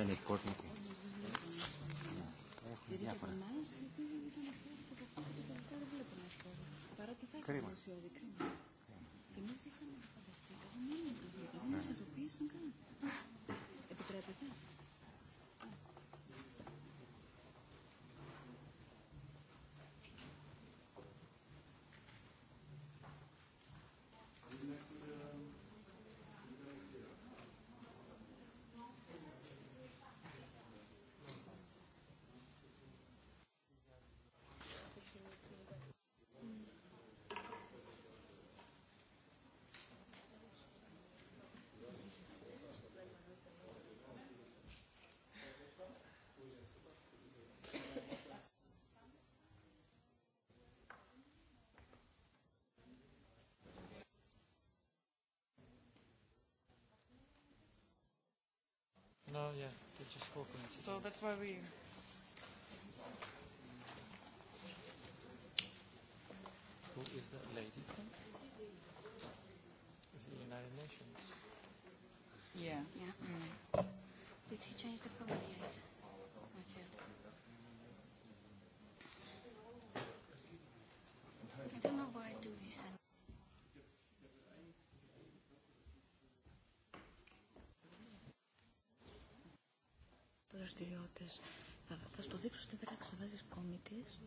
Ennyi kort neki. Παρότι θα έχει δημοσιόδη κρίμα. Και εμείς είχαμε φανταστεί, εγώ μόνο το βλέπω, δεν μας ειδοποίησαν καν. Επιτρέπετε. which is four points. So that's why we Who is that lady from? Is it the United Nations? Yeah. Yeah. Mm. Did he change the cover? Yes. Not yet. I don't know why I do this. δραστηριότητες. Θα, θα στο δείξω στην πράξη, θα βάζεις κόμιτες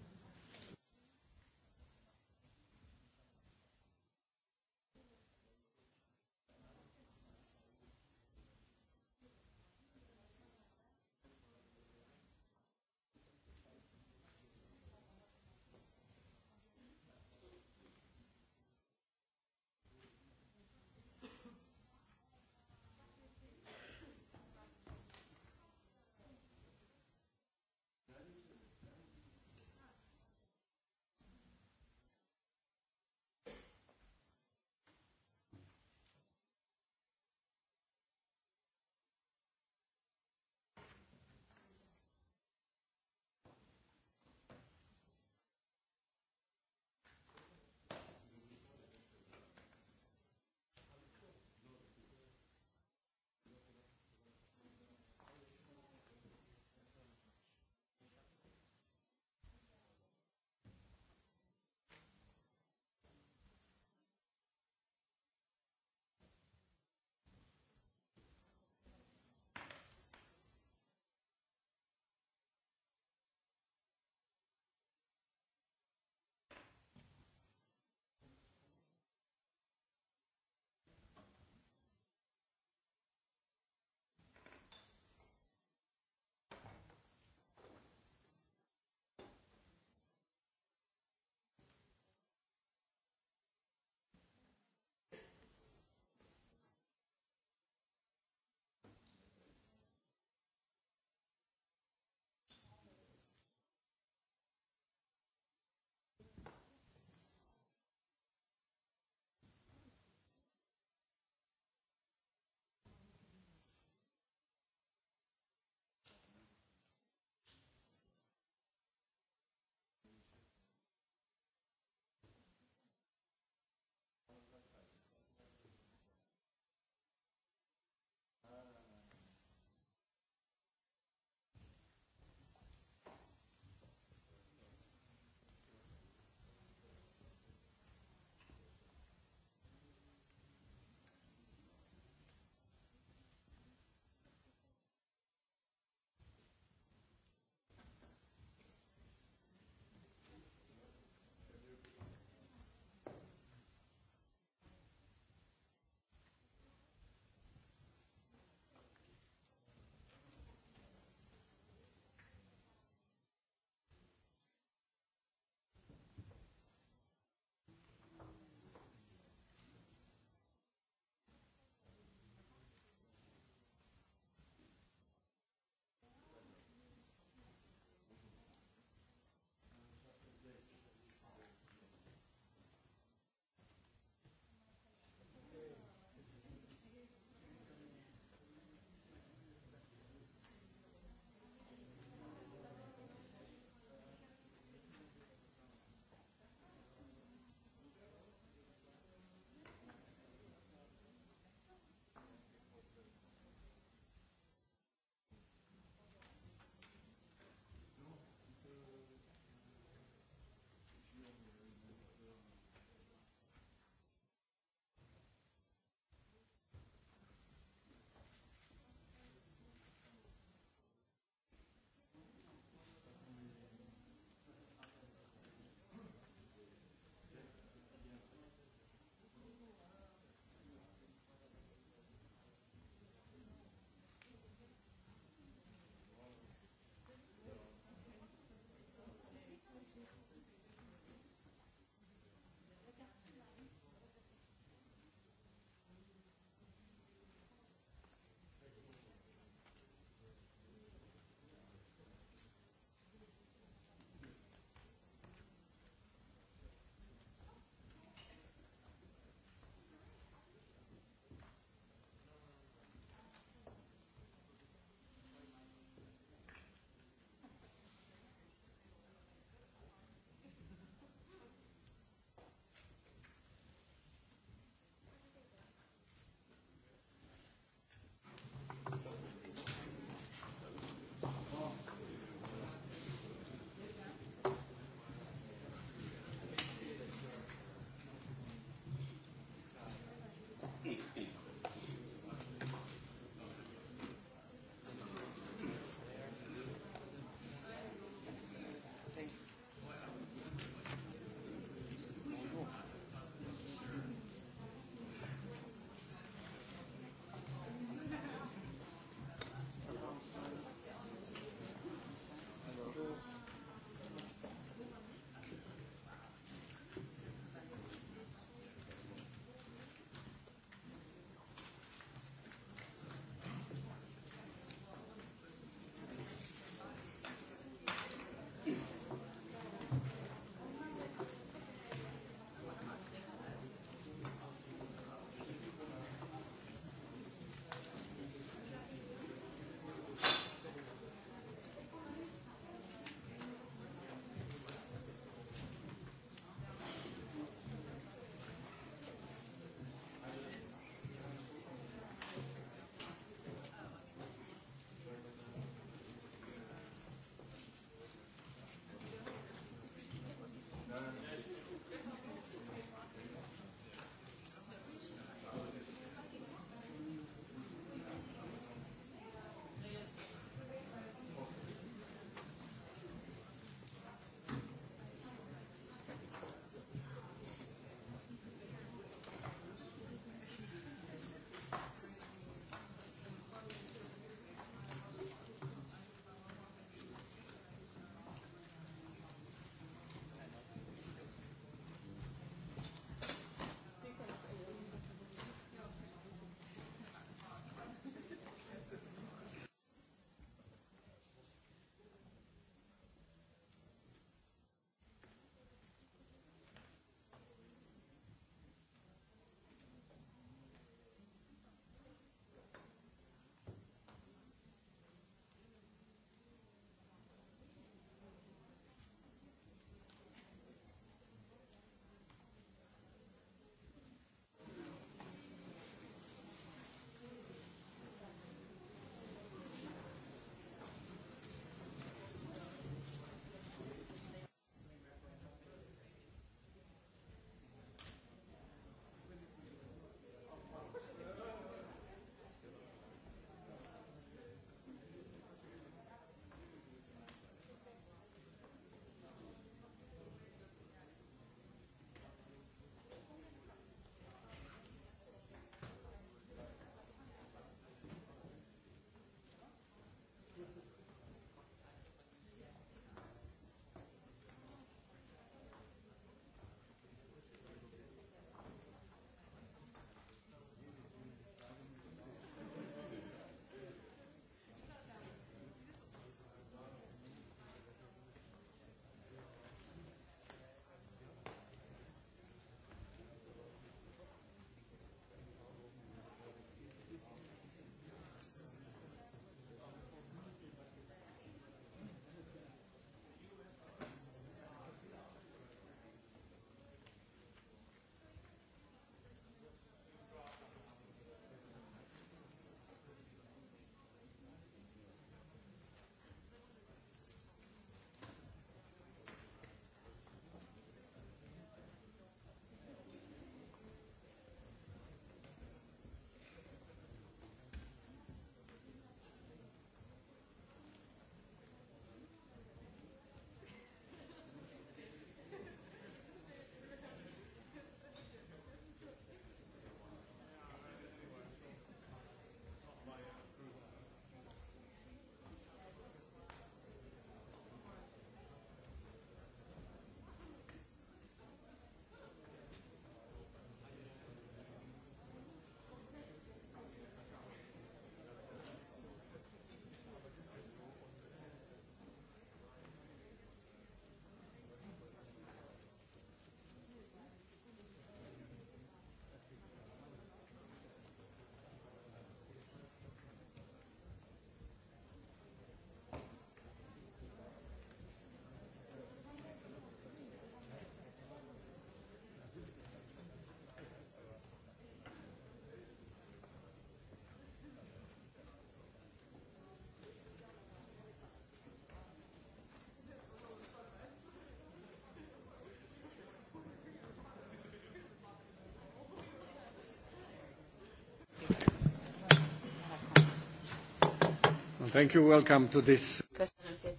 Thank you, welcome to this. Köszönöm szépen.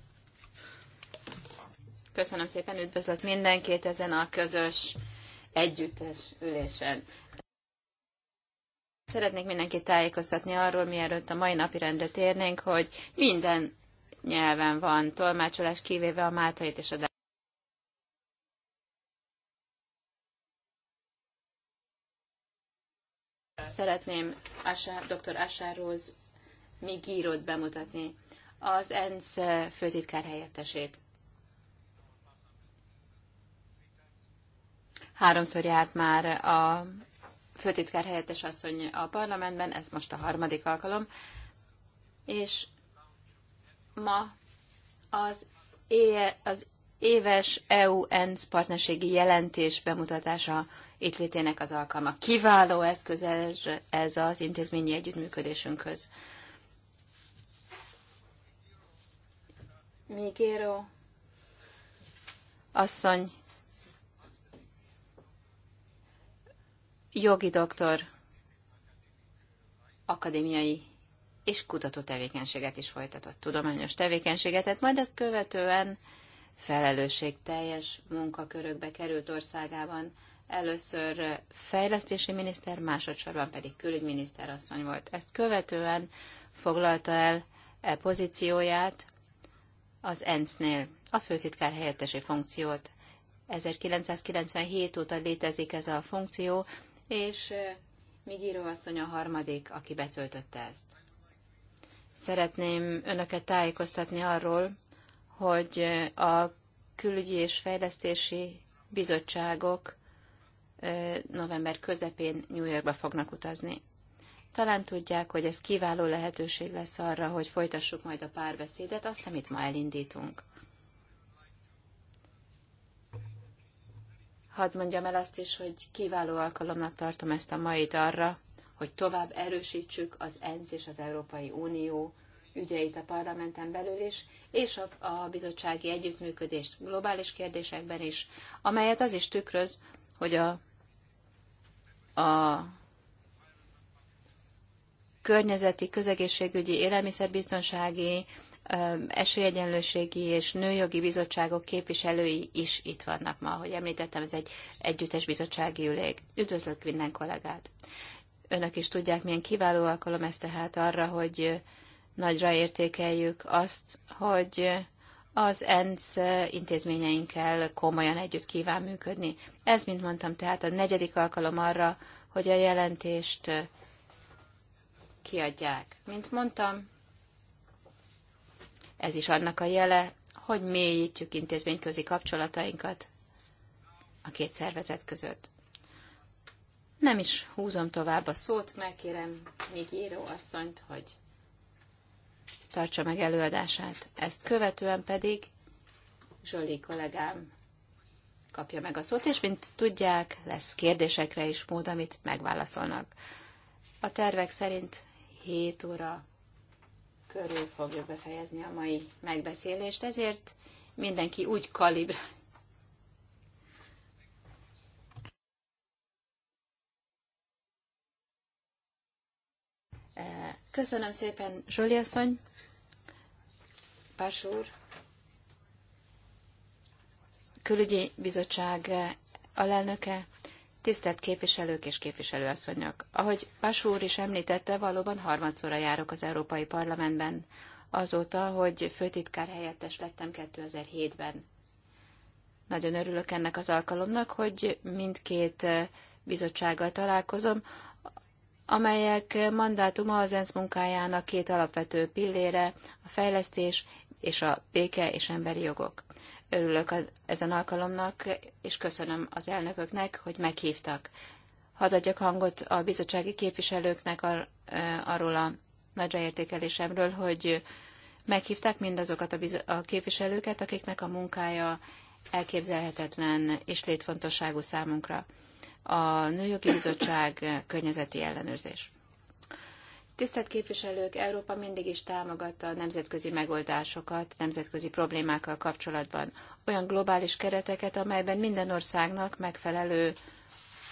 Köszönöm szépen, üdvözlök mindenkit ezen a közös együttes ülésen. Szeretnék mindenkit tájékoztatni arról, mielőtt a mai napi rendre térnénk, hogy minden nyelven van tolmácsolás, kivéve a máltait és a Szeretném dr. Asár írót bemutatni, az ENSZ főtitkár helyettesét. Háromszor járt már a főtitkár helyettes asszony a parlamentben, ez most a harmadik alkalom, és ma az, é- az éves EU-ENSZ partnerségi jelentés bemutatása itt létének az alkalma. Kiváló eszköz ez az intézményi együttműködésünkhöz. Migéro asszony, jogi doktor, akadémiai és kutató tevékenységet is folytatott, tudományos tevékenységet, tehát majd ezt követően felelősségteljes munkakörökbe került országában. Először fejlesztési miniszter, másodszorban pedig külügyminiszter asszony volt. Ezt követően foglalta el e pozícióját az ENSZ-nél a főtitkár helyettesi funkciót. 1997 óta létezik ez a funkció, és Migíró asszony a harmadik, aki betöltötte ezt. Szeretném önöket tájékoztatni arról, hogy a külügyi és fejlesztési bizottságok november közepén New Yorkba fognak utazni. Talán tudják, hogy ez kiváló lehetőség lesz arra, hogy folytassuk majd a párbeszédet, azt, amit ma elindítunk. Hadd mondjam el azt is, hogy kiváló alkalomnak tartom ezt a mait arra, hogy tovább erősítsük az ENSZ és az Európai Unió ügyeit a parlamenten belül is, és a, a bizottsági együttműködést globális kérdésekben is, amelyet az is tükröz, hogy a, a környezeti, közegészségügyi, élelmiszerbiztonsági, esélyegyenlőségi és nőjogi bizottságok képviselői is itt vannak ma. Ahogy említettem, ez egy együttes bizottsági ülég. Üdvözlök minden kollégát! Önök is tudják, milyen kiváló alkalom ez tehát arra, hogy nagyra értékeljük azt, hogy az ENSZ intézményeinkkel komolyan együtt kíván működni. Ez, mint mondtam, tehát a negyedik alkalom arra, hogy a jelentést kiadják. Mint mondtam, ez is annak a jele, hogy mélyítjük intézményközi kapcsolatainkat a két szervezet között. Nem is húzom tovább a szót, megkérem még író asszonyt, hogy tartsa meg előadását. Ezt követően pedig Zsoli kollégám kapja meg a szót, és mint tudják, lesz kérdésekre is mód, amit megválaszolnak. A tervek szerint 7 óra körül fogja befejezni a mai megbeszélést, ezért mindenki úgy kalibrál. Köszönöm szépen, Zsoli asszony, Pás úr, külügyi bizottság alelnöke, Tisztelt képviselők és képviselőasszonyok! Ahogy Pasú úr is említette, valóban harmadszorra járok az Európai Parlamentben, azóta, hogy főtitkár helyettes lettem 2007-ben. Nagyon örülök ennek az alkalomnak, hogy mindkét eh, bizottsággal találkozom, amelyek mandátuma az ENSZ munkájának két alapvető pillére, a fejlesztés és a béke és emberi jogok. Örülök a, ezen alkalomnak, és köszönöm az elnököknek, hogy meghívtak. Hadd adjak hangot a bizottsági képviselőknek ar, arról a nagyra értékelésemről, hogy meghívták mindazokat a, biz- a képviselőket, akiknek a munkája elképzelhetetlen és létfontosságú számunkra. A Nőjogi Bizottság környezeti ellenőrzés. Tisztelt képviselők, Európa mindig is támogatta a nemzetközi megoldásokat, nemzetközi problémákkal kapcsolatban. Olyan globális kereteket, amelyben minden országnak megfelelő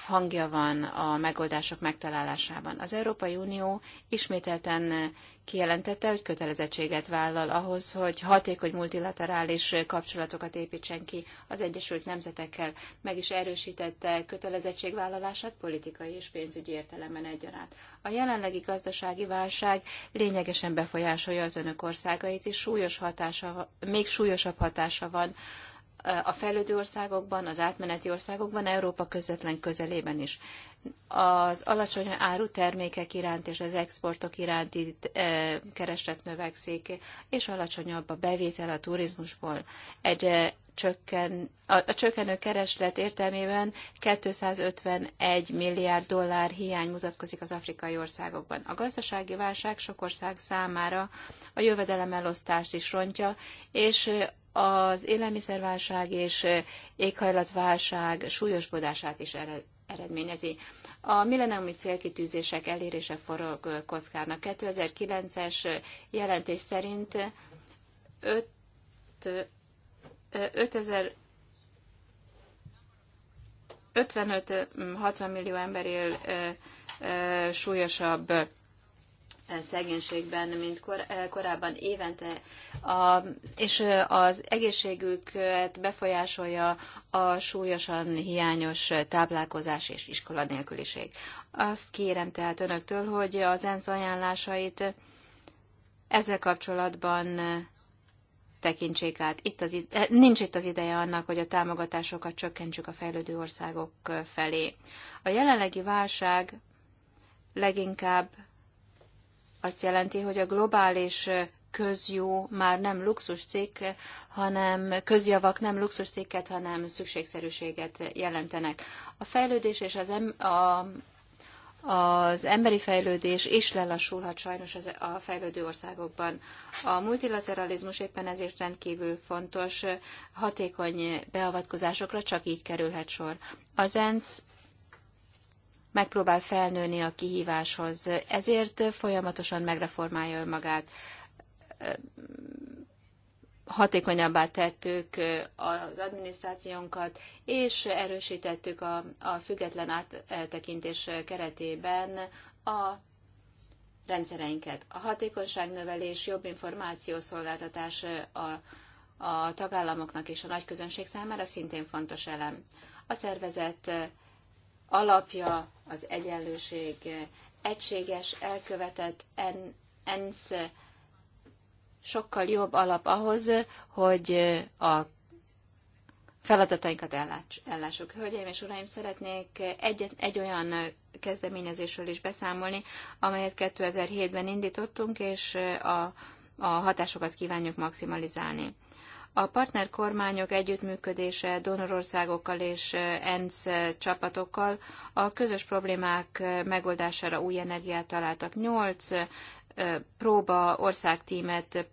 hangja van a megoldások megtalálásában. Az Európai Unió ismételten kijelentette, hogy kötelezettséget vállal ahhoz, hogy hatékony multilaterális kapcsolatokat építsen ki az Egyesült Nemzetekkel. Meg is erősítette kötelezettségvállalását politikai és pénzügyi értelemben egyaránt. A jelenlegi gazdasági válság lényegesen befolyásolja az önök országait, és súlyos hatása, még súlyosabb hatása van a fejlődő országokban, az átmeneti országokban, Európa közvetlen közelében is. Az alacsony áru termékek iránt és az exportok iránti e, kereslet növekszik, és alacsonyabb a bevétel a turizmusból. Egy e, csökken, a, a csökkenő kereslet értelmében 251 milliárd dollár hiány mutatkozik az afrikai országokban. A gazdasági válság sok ország számára a jövedelemelosztást is rontja, és az élelmiszerválság és éghajlatválság súlyosbodását is eredményezi. A millenniumi célkitűzések elérése forog kockárnak. 2009-es jelentés szerint 5, 5000 55-60 millió ember él súlyosabb Eh, szegénységben, mint kor, eh, korábban évente, a, és eh, az egészségüket befolyásolja a súlyosan hiányos táplálkozás és nélküliség. Azt kérem tehát önöktől, hogy az ENSZ ajánlásait ezzel kapcsolatban tekintsék át. Itt az ide, nincs itt az ideje annak, hogy a támogatásokat csökkentsük a fejlődő országok felé. A jelenlegi válság leginkább azt jelenti, hogy a globális közjó már nem luxus cikk, hanem közjavak nem luxus cikket, hanem szükségszerűséget jelentenek. A fejlődés és az, em, a, az emberi fejlődés is lelassulhat sajnos az, a fejlődő országokban. A multilateralizmus éppen ezért rendkívül fontos, hatékony beavatkozásokra csak így kerülhet sor. Az ENSZ megpróbál felnőni a kihíváshoz, ezért folyamatosan megreformálja önmagát. Hatékonyabbá tettük az adminisztrációnkat, és erősítettük a, a független áttekintés keretében a rendszereinket. A hatékonyságnövelés, jobb információszolgáltatás a, a tagállamoknak és a nagyközönség számára szintén fontos elem. A szervezet alapja az egyenlőség egységes, elkövetett ENSZ sokkal jobb alap ahhoz, hogy a feladatainkat elláts, ellássuk. Hölgyeim és uraim, szeretnék egy, egy olyan kezdeményezésről is beszámolni, amelyet 2007-ben indítottunk, és a, a hatásokat kívánjuk maximalizálni. A partnerkormányok együttműködése donorországokkal és ENSZ csapatokkal a közös problémák megoldására új energiát találtak. Nyolc próba országtímet,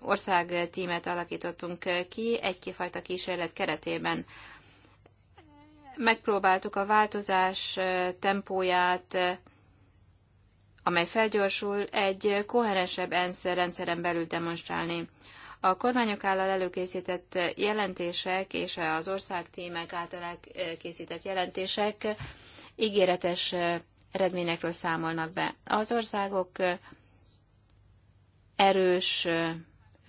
országtímet alakítottunk ki egy egyfajta kísérlet keretében. Megpróbáltuk a változás tempóját, amely felgyorsul, egy koherensebb ENSZ rendszeren belül demonstrálni. A kormányok által előkészített jelentések és az ország tímek által készített jelentések ígéretes eredményekről számolnak be. Az országok erős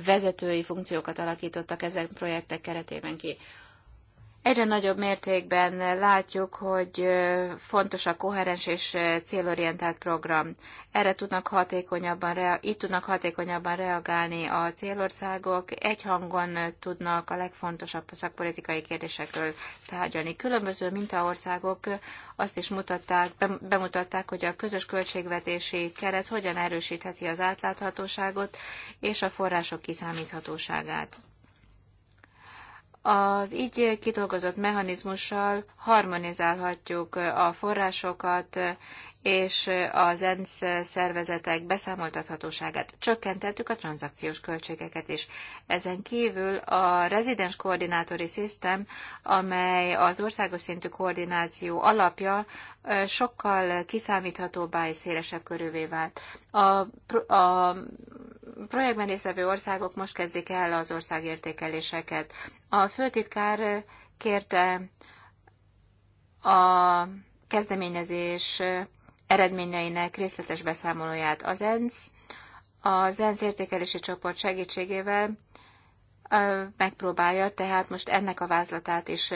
vezetői funkciókat alakítottak ezen projektek keretében ki. Egyre nagyobb mértékben látjuk, hogy fontos a koherens és célorientált program. Erre tudnak hatékonyabban, itt tudnak hatékonyabban reagálni a célországok, egy hangon tudnak a legfontosabb szakpolitikai kérdésekről tárgyalni. Különböző mintaországok azt is mutatták, bemutatták, hogy a közös költségvetési keret hogyan erősítheti az átláthatóságot és a források kiszámíthatóságát. Az így kidolgozott mechanizmussal harmonizálhatjuk a forrásokat és az ENSZ szervezetek beszámoltathatóságát csökkentettük a tranzakciós költségeket is. Ezen kívül a rezidens koordinátori szisztem, amely az országos szintű koordináció alapja, sokkal kiszámíthatóbbá és szélesebb körülvé vált. A, a projektben részvevő országok most kezdik el az országértékeléseket. A főtitkár kérte a kezdeményezés eredményeinek részletes beszámolóját az ENSZ. Az ENSZ értékelési csoport segítségével megpróbálja tehát most ennek a vázlatát is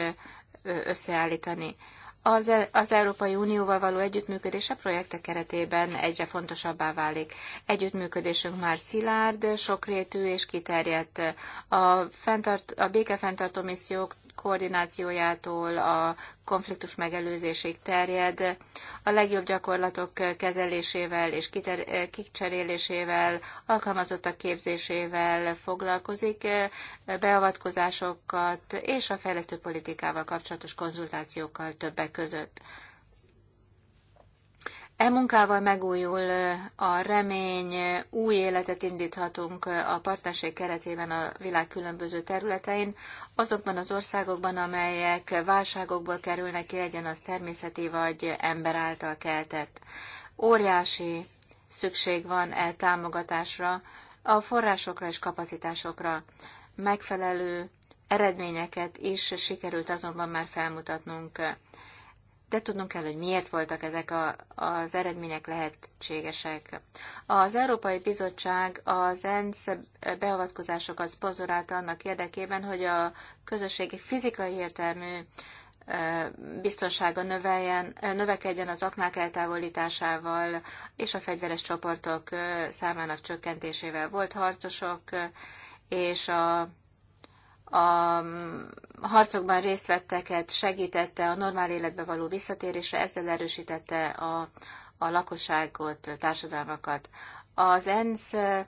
összeállítani. Az, e- az Európai Unióval való együttműködés a projektek keretében egyre fontosabbá válik. Együttműködésünk már szilárd, sokrétű és kiterjedt. A, fenntart, a békefenntartó missziók koordinációjától a konfliktus megelőzésig terjed, a legjobb gyakorlatok kezelésével és kicserélésével, alkalmazottak képzésével foglalkozik, beavatkozásokat és a fejlesztő politikával kapcsolatos konzultációkkal többek között. E munkával megújul a remény, új életet indíthatunk a partnerség keretében a világ különböző területein, azokban az országokban, amelyek válságokból kerülnek ki, legyen az természeti vagy ember által keltett. Óriási szükség van e támogatásra, a forrásokra és kapacitásokra. Megfelelő eredményeket is sikerült azonban már felmutatnunk de tudnunk kell, hogy miért voltak ezek a, az eredmények lehetségesek. Az Európai Bizottság az ENSZ beavatkozásokat szponzorálta annak érdekében, hogy a közösségi fizikai értelmű biztonsága növeljen, növekedjen az aknák eltávolításával és a fegyveres csoportok számának csökkentésével. Volt harcosok és a a harcokban részt vetteket segítette a normál életbe való visszatérésre, ezzel erősítette a, a lakosságot, társadalmakat. Az ENSZ eh,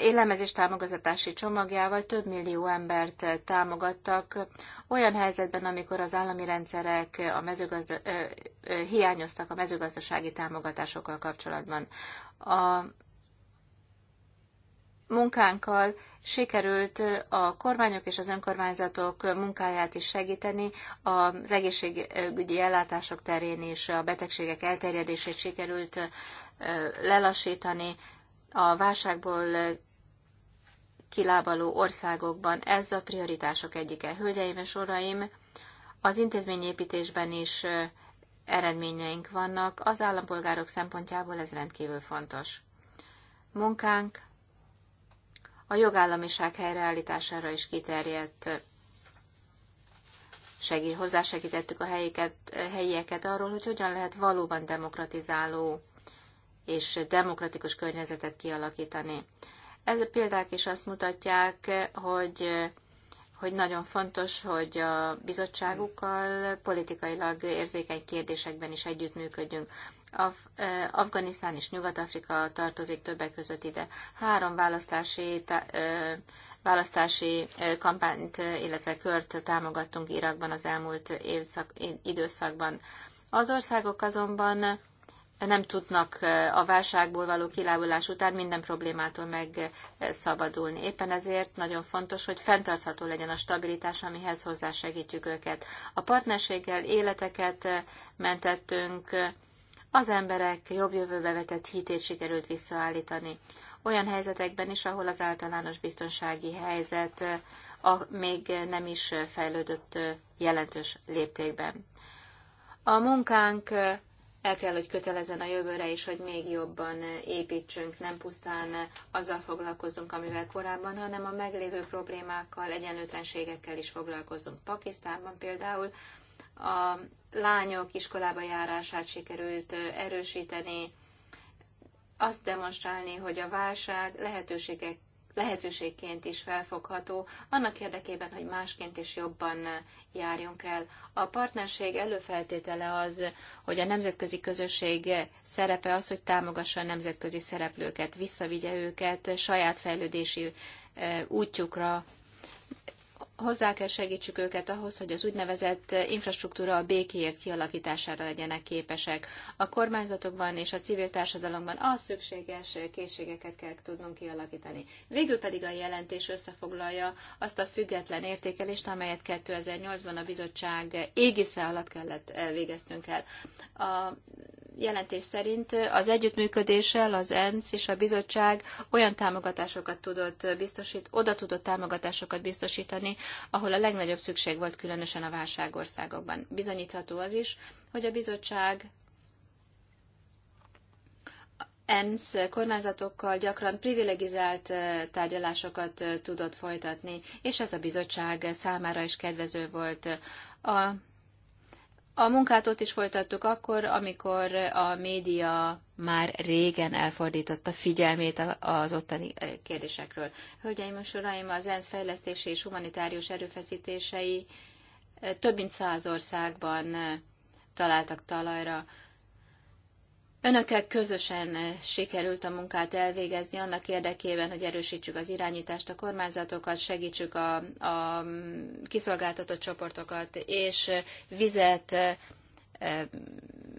élelmezés támogatási csomagjával több millió embert eh, támogattak olyan helyzetben, amikor az állami rendszerek eh, a mezőgazda, ö, ö, hiányoztak a mezőgazdasági támogatásokkal kapcsolatban. A munkánkkal sikerült a kormányok és az önkormányzatok munkáját is segíteni, az egészségügyi ellátások terén is a betegségek elterjedését sikerült lelassítani, a válságból kilábaló országokban. Ez a prioritások egyike. Hölgyeim és uraim, az intézményépítésben is eredményeink vannak, az állampolgárok szempontjából ez rendkívül fontos. Munkánk a jogállamiság helyreállítására is kiterjedt segít, hozzásegítettük a helyiket, helyieket arról, hogy hogyan lehet valóban demokratizáló és demokratikus környezetet kialakítani. Ez a példák is azt mutatják, hogy, hogy nagyon fontos, hogy a bizottságukkal politikailag érzékeny kérdésekben is együttműködjünk. Af- Afganisztán és Nyugat-Afrika tartozik többek között ide. Három választási, tá- választási kampányt, illetve kört támogattunk Irakban az elmúlt évszak- időszakban. Az országok azonban nem tudnak a válságból való kilábalás után minden problémától megszabadulni. Éppen ezért nagyon fontos, hogy fenntartható legyen a stabilitás, amihez hozzásegítjük őket. A partnerséggel életeket mentettünk, az emberek jobb jövőbe vetett hitét sikerült visszaállítani. Olyan helyzetekben is, ahol az általános biztonsági helyzet eh, a, még nem is fejlődött eh, jelentős léptékben. A munkánk eh, el kell, hogy kötelezen a jövőre is, hogy még jobban építsünk, nem pusztán azzal foglalkozunk, amivel korábban, hanem a meglévő problémákkal, egyenlőtlenségekkel is foglalkozunk. Pakisztánban például a lányok iskolába járását sikerült erősíteni, azt demonstrálni, hogy a válság lehetőségek lehetőségként is felfogható, annak érdekében, hogy másként is jobban járjunk el. A partnerség előfeltétele az, hogy a nemzetközi közösség szerepe az, hogy támogassa a nemzetközi szereplőket, visszavigye őket saját fejlődési útjukra, hozzá kell segítsük őket ahhoz, hogy az úgynevezett infrastruktúra a békéért kialakítására legyenek képesek. A kormányzatokban és a civil társadalomban a szükséges készségeket kell tudnunk kialakítani. Végül pedig a jelentés összefoglalja azt a független értékelést, amelyet 2008-ban a bizottság égisze alatt kellett eh, végeztünk el. A jelentés szerint az együttműködéssel az ENSZ és a bizottság olyan támogatásokat tudott biztosít, oda tudott támogatásokat biztosítani, ahol a legnagyobb szükség volt különösen a válságországokban. Bizonyítható az is, hogy a bizottság ENSZ kormányzatokkal gyakran privilegizált eh, tárgyalásokat eh, tudott folytatni, és ez a bizottság eh, számára is kedvező volt. A a munkát ott is folytattuk akkor, amikor a média már régen elfordította figyelmét az ottani eh, kérdésekről. Hölgyeim és uraim, az ENSZ fejlesztési és humanitárius erőfeszítései eh, több mint száz országban eh, találtak talajra. Önökkel közösen sikerült a munkát elvégezni annak érdekében, hogy erősítsük az irányítást, a kormányzatokat, segítsük a, a kiszolgáltatott csoportokat, és vizet,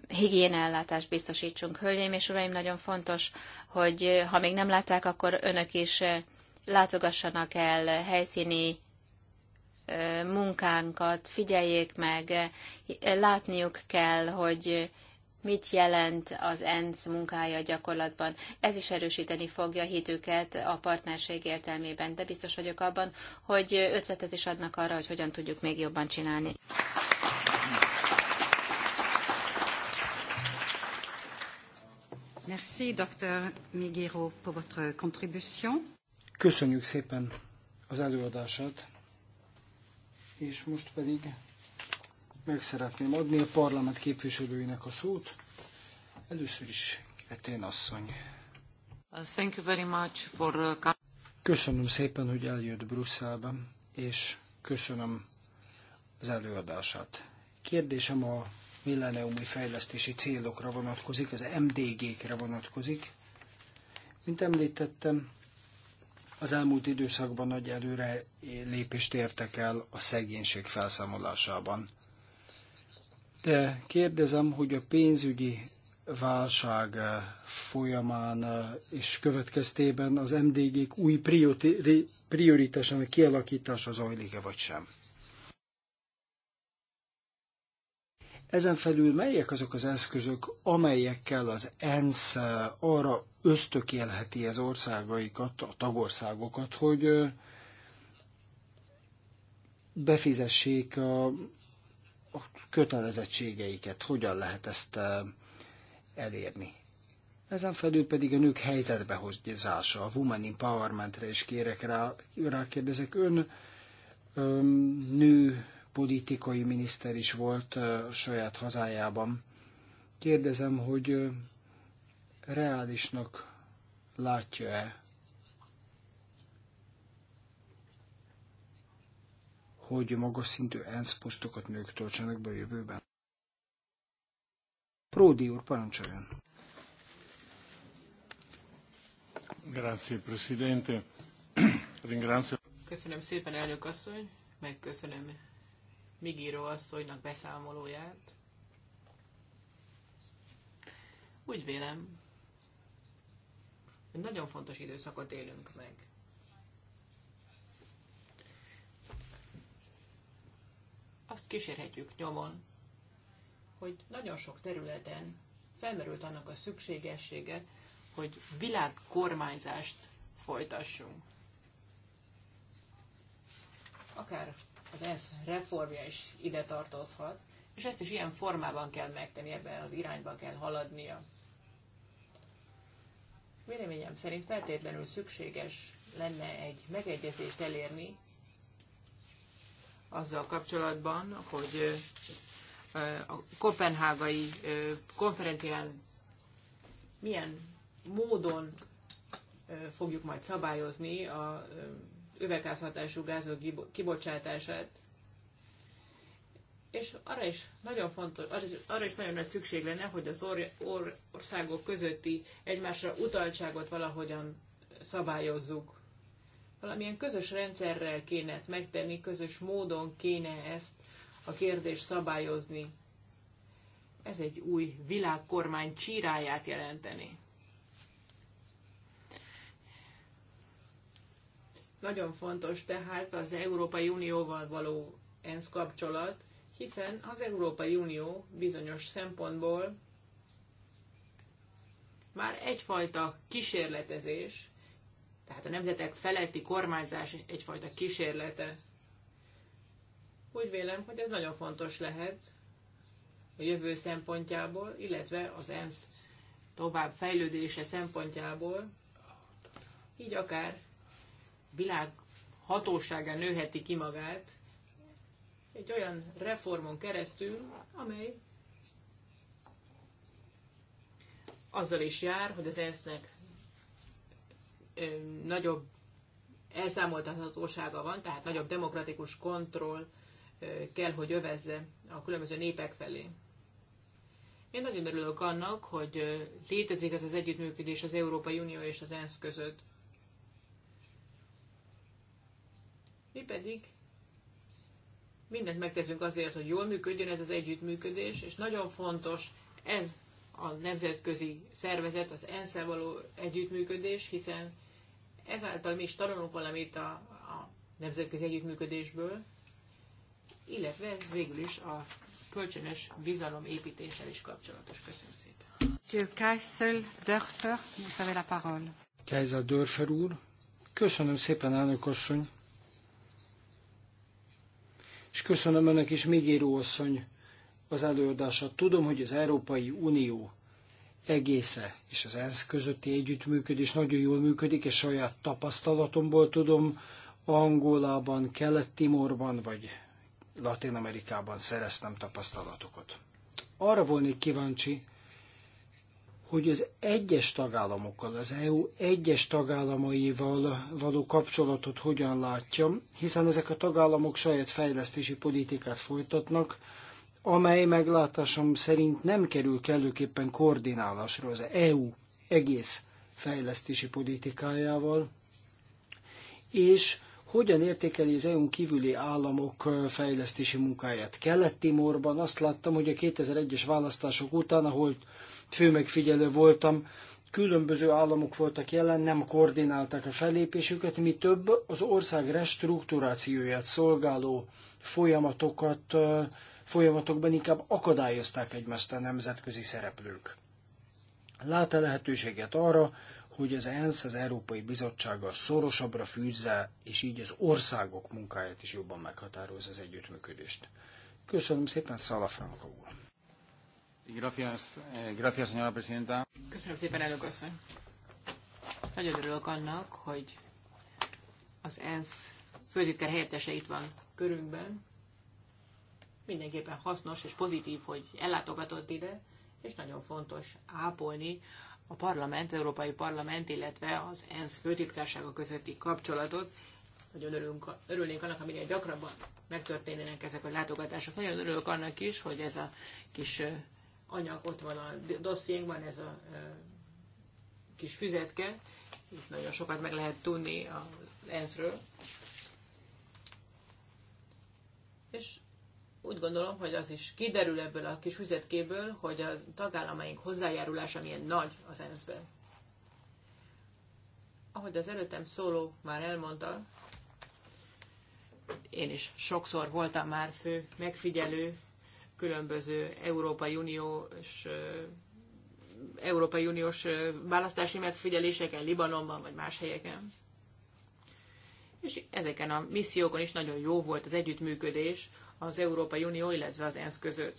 higiénellátást biztosítsunk. Hölgyeim és uraim, nagyon fontos, hogy ha még nem látták, akkor önök is látogassanak el helyszíni munkánkat, figyeljék meg, látniuk kell, hogy mit jelent az ENSZ munkája gyakorlatban. Ez is erősíteni fogja hitüket a partnerség értelmében, de biztos vagyok abban, hogy ötletet is adnak arra, hogy hogyan tudjuk még jobban csinálni. Merci, Dr. Migiro, pour votre contribution. Köszönjük szépen az előadását, és most pedig meg szeretném adni a parlament képviselőinek a szót. Először is Etén asszony. Uh, thank you very much for... Uh, köszönöm szépen, hogy eljött Brüsszelbe, és köszönöm az előadását. Kérdésem a milleniumi fejlesztési célokra vonatkozik, az MDG-kre vonatkozik. Mint említettem, az elmúlt időszakban nagy előre lépést értek el a szegénység felszámolásában. De kérdezem, hogy a pénzügyi válság eh, folyamán eh, és következtében az MDG-k új prioritásának kialakítása zajlik-e vagy sem. Ezen felül melyek azok az eszközök, amelyekkel az ENSZ eh, arra ösztökélheti az országaikat, a tagországokat, hogy befizessék a kötelezettségeiket, hogyan lehet ezt eh, elérni. Ezen felül pedig a nők helyzetbe hozzása, a woman Empowerment is kérek rá, rákérdezek. Ön öm, nő politikai miniszter is volt ö, eh, saját hazájában. Kérdezem, hogy ö, eh, reálisnak látja-e hogy magas szintű ENSZ posztokat nők töltsenek be a jövőben. Pródi úr, parancsoljon! Grazie, Presidente. Ringrazio. Köszönöm szépen, elnök asszony, megköszönöm Migíró asszonynak beszámolóját. Úgy vélem, hogy nagyon fontos időszakot élünk meg. azt kísérhetjük nyomon, hogy nagyon sok területen felmerült annak a szükségessége, hogy világkormányzást folytassunk. Akár az ENSZ reformja is ide tartozhat, és ezt is ilyen formában kell megtenni, ebben az irányba kell haladnia. Véleményem szerint feltétlenül szükséges lenne egy megegyezést elérni azzal kapcsolatban, hogy a kopenhágai konferencián milyen módon fogjuk majd szabályozni a üvegházhatású gázok kibocsátását. És arra is nagyon fontos, arra is nagyon nagy szükség lenne, hogy az or, or, országok közötti egymásra utaltságot valahogyan szabályozzuk. Valamilyen közös rendszerrel kéne ezt megtenni, közös módon kéne ezt a kérdést szabályozni. Ez egy új világkormány csíráját jelenteni. Nagyon fontos tehát az Európai Unióval való ENSZ kapcsolat, hiszen az Európai Unió bizonyos szempontból már egyfajta kísérletezés, tehát a nemzetek feletti kormányzás egyfajta kísérlete. Úgy vélem, hogy ez nagyon fontos lehet a jövő szempontjából, illetve az ENSZ tovább fejlődése szempontjából, így akár világ hatóságán nőheti ki magát egy olyan reformon keresztül, amely azzal is jár, hogy az ENSZ-nek nagyobb elszámoltathatósága van, tehát nagyobb demokratikus kontroll kell, hogy övezze a különböző népek felé. Én nagyon örülök annak, hogy létezik ez az együttműködés az Európai Unió és az ENSZ között. Mi pedig mindent megteszünk azért, hogy jól működjön ez az együttműködés, és nagyon fontos ez a nemzetközi szervezet, az ensz való együttműködés, hiszen ezáltal mi is tanulunk valamit a, a nemzetközi együttműködésből, illetve ez végül is a kölcsönös bizalom építéssel is kapcsolatos. Köszönöm szépen. Monsieur Dörfer, Kaiser Dörfer úr, köszönöm szépen, elnök asszony. És köszönöm önnek is, Migéró asszony, az előadását. Tudom, hogy az Európai Unió egésze és az ENSZ közötti együttműködés nagyon jól működik, és saját tapasztalatomból tudom, Angolában, Kelet-Timorban vagy Latin-Amerikában szereztem tapasztalatokat. Arra volnék kíváncsi, hogy az egyes tagállamokkal, az EU egyes tagállamaival való kapcsolatot hogyan látja, hiszen ezek a tagállamok saját fejlesztési politikát folytatnak, amely meglátásom szerint nem kerül kellőképpen koordinálásra az EU egész fejlesztési politikájával, és hogyan értékeli az EU-n kívüli államok fejlesztési munkáját. Kelet-Timorban azt láttam, hogy a 2001-es választások után, ahol főmegfigyelő voltam, különböző államok voltak jelen, nem koordinálták a fellépésüket, mi több az ország restruktúrációját szolgáló folyamatokat folyamatokban inkább akadályozták egymást a nemzetközi szereplők. Lát-e lehetőséget arra, hogy az ENSZ az Európai Bizottsággal szorosabbra fűzze, és így az országok munkáját is jobban meghatározza az együttműködést? Köszönöm szépen, Franka úr! Eh, Köszönöm szépen, elnök asszony. Nagyon örülök annak, hogy az ENSZ főtitkár helyettese itt van körünkben mindenképpen hasznos és pozitív, hogy ellátogatott ide, és nagyon fontos ápolni a parlament, Európai Parlament, illetve az ENSZ főtitkársága közötti kapcsolatot. Nagyon örülünk, örülnénk annak, amire gyakrabban megtörténnének ezek a látogatások. Nagyon örülök annak is, hogy ez a kis anyag ott van a dossziénkban, ez a kis füzetke. Itt nagyon sokat meg lehet tudni az ENSZ-ről. És úgy gondolom, hogy az is kiderül ebből a kis füzetkéből, hogy a tagállamaink hozzájárulása milyen nagy az ENSZ-ben. Ahogy az előttem szóló már elmondta, én is sokszor voltam már fő megfigyelő különböző Európai Uniós Európai Uniós választási megfigyeléseken, Libanonban vagy más helyeken. És ezeken a missziókon is nagyon jó volt az együttműködés az Európai Unió, illetve az ENSZ között.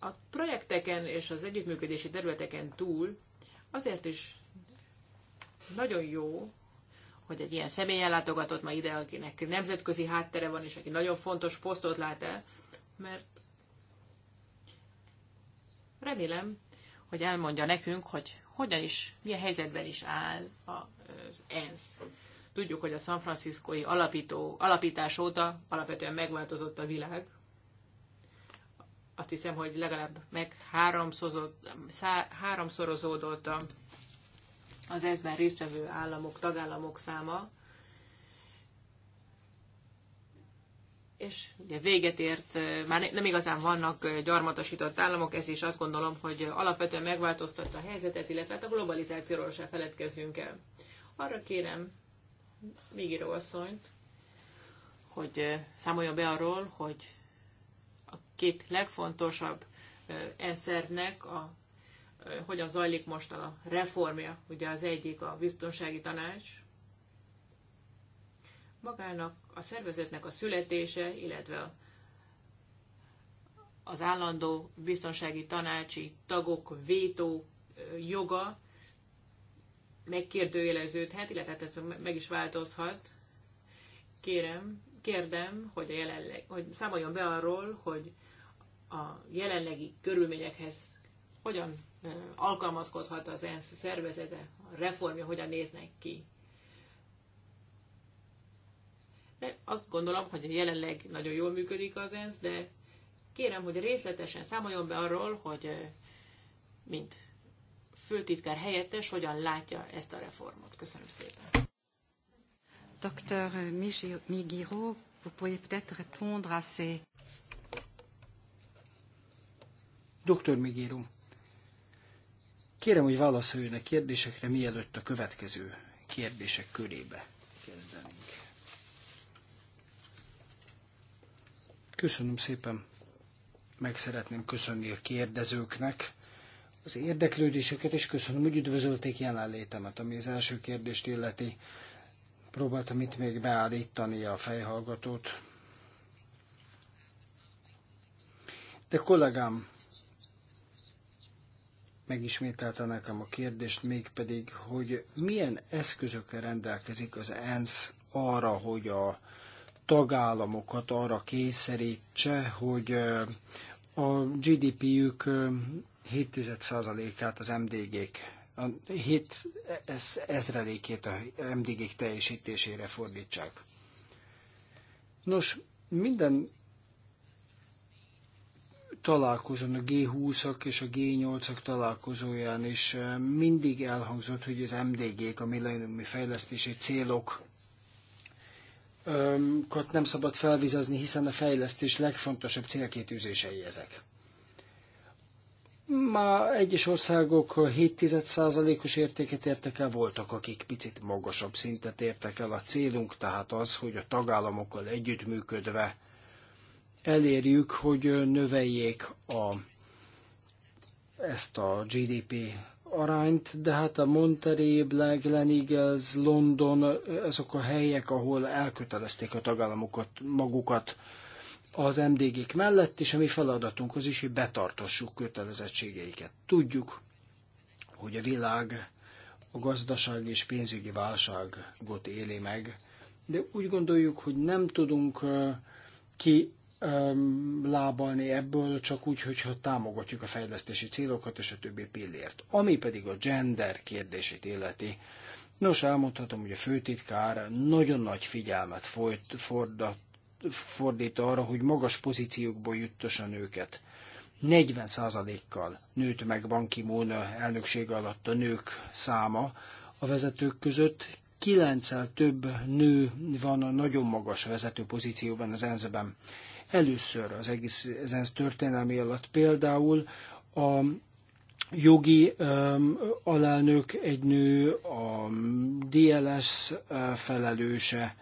A projekteken és az együttműködési területeken túl azért is nagyon jó, hogy egy ilyen személyen látogatott ma ide, akinek nemzetközi háttere van, és aki nagyon fontos posztot lát el, mert remélem, hogy elmondja nekünk, hogy hogyan is, milyen helyzetben is áll az ENSZ. Tudjuk, hogy a San Franciscoi alapító, alapítás óta alapvetően megváltozott a világ. Azt hiszem, hogy legalább meg háromszorozódott az ezben résztvevő államok, tagállamok száma. és ugye véget ért, már nem igazán vannak gyarmatosított államok, ez is azt gondolom, hogy alapvetően megváltoztatta a helyzetet, illetve hát a globalizációról se feledkezzünk el. Arra kérem Mégíró asszonyt, hogy számoljon be arról, hogy a két legfontosabb enszernek a hogyan zajlik most a reformja, ugye az egyik a biztonsági tanács, magának a szervezetnek a születése, illetve az állandó biztonsági tanácsi tagok vétó joga megkérdőjeleződhet, illetve hát ez meg is változhat. Kérem, kérdem, hogy, a jelenleg, hogy számoljon be arról, hogy a jelenlegi körülményekhez hogyan alkalmazkodhat az ENSZ szervezete, a reformja hogyan néznek ki. De azt gondolom, hogy jelenleg nagyon jól működik az ENSZ, de kérem, hogy részletesen számoljon be arról, hogy mint főtitkár helyettes hogyan látja ezt a reformot. Köszönöm szépen. Dr. Migiro, vous pourriez peut-être répondre à ces... Dr. Migiro, kérem, hogy válaszoljon a kérdésekre, mielőtt a következő kérdések körébe kezdenünk. Köszönöm szépen. Meg szeretném köszönni a kérdezőknek az érdeklődésüket, és köszönöm, hogy üdvözölték jelenlétemet, ami az első kérdést illeti. Próbáltam itt még beállítani a fejhallgatót. De kollégám megismételte nekem a kérdést, mégpedig, hogy milyen eszközökkel rendelkezik az ENSZ arra, hogy a tagállamokat arra kényszerítse, hogy a GDP-jük 7%-át az MDG-k, a 7 ez, ezrelékét a MDG-k teljesítésére fordítsák. Nos, minden találkozón, a G20-ak és a G8-ak találkozóján is mindig elhangzott, hogy az MDG-k, a millenniumi fejlesztési célok nem szabad felvizezni, hiszen a fejlesztés legfontosabb célkétűzései ezek. Ma egyes országok 7%-os értéket értek el, voltak, akik picit magasabb szintet értek el. A célunk tehát az, hogy a tagállamokkal együttműködve elérjük, hogy növeljék a, ezt a GDP arányt, de hát a Monterey, Lenigels, London, azok a helyek, ahol elkötelezték a tagállamokat magukat az MDG-k mellett, és a mi feladatunk az is, hogy betartassuk kötelezettségeiket. Tudjuk, hogy a világ a gazdaság és pénzügyi válságot éli meg, de úgy gondoljuk, hogy nem tudunk ki lábalni ebből csak úgy, hogyha támogatjuk a fejlesztési célokat és a többi pillért. Ami pedig a gender kérdését illeti. Nos, elmondhatom, hogy a főtitkár nagyon nagy figyelmet folyt, fordat, fordít arra, hogy magas pozíciókból a nőket. 40%-kal nőtt meg Ban ki elnöksége alatt a nők száma a vezetők között, kilenccel több nő van a nagyon magas vezető pozícióban az ENSZ-ben. Először az egész az ENSZ történelmi alatt például a jogi um, alelnök egy nő, a DLS felelőse,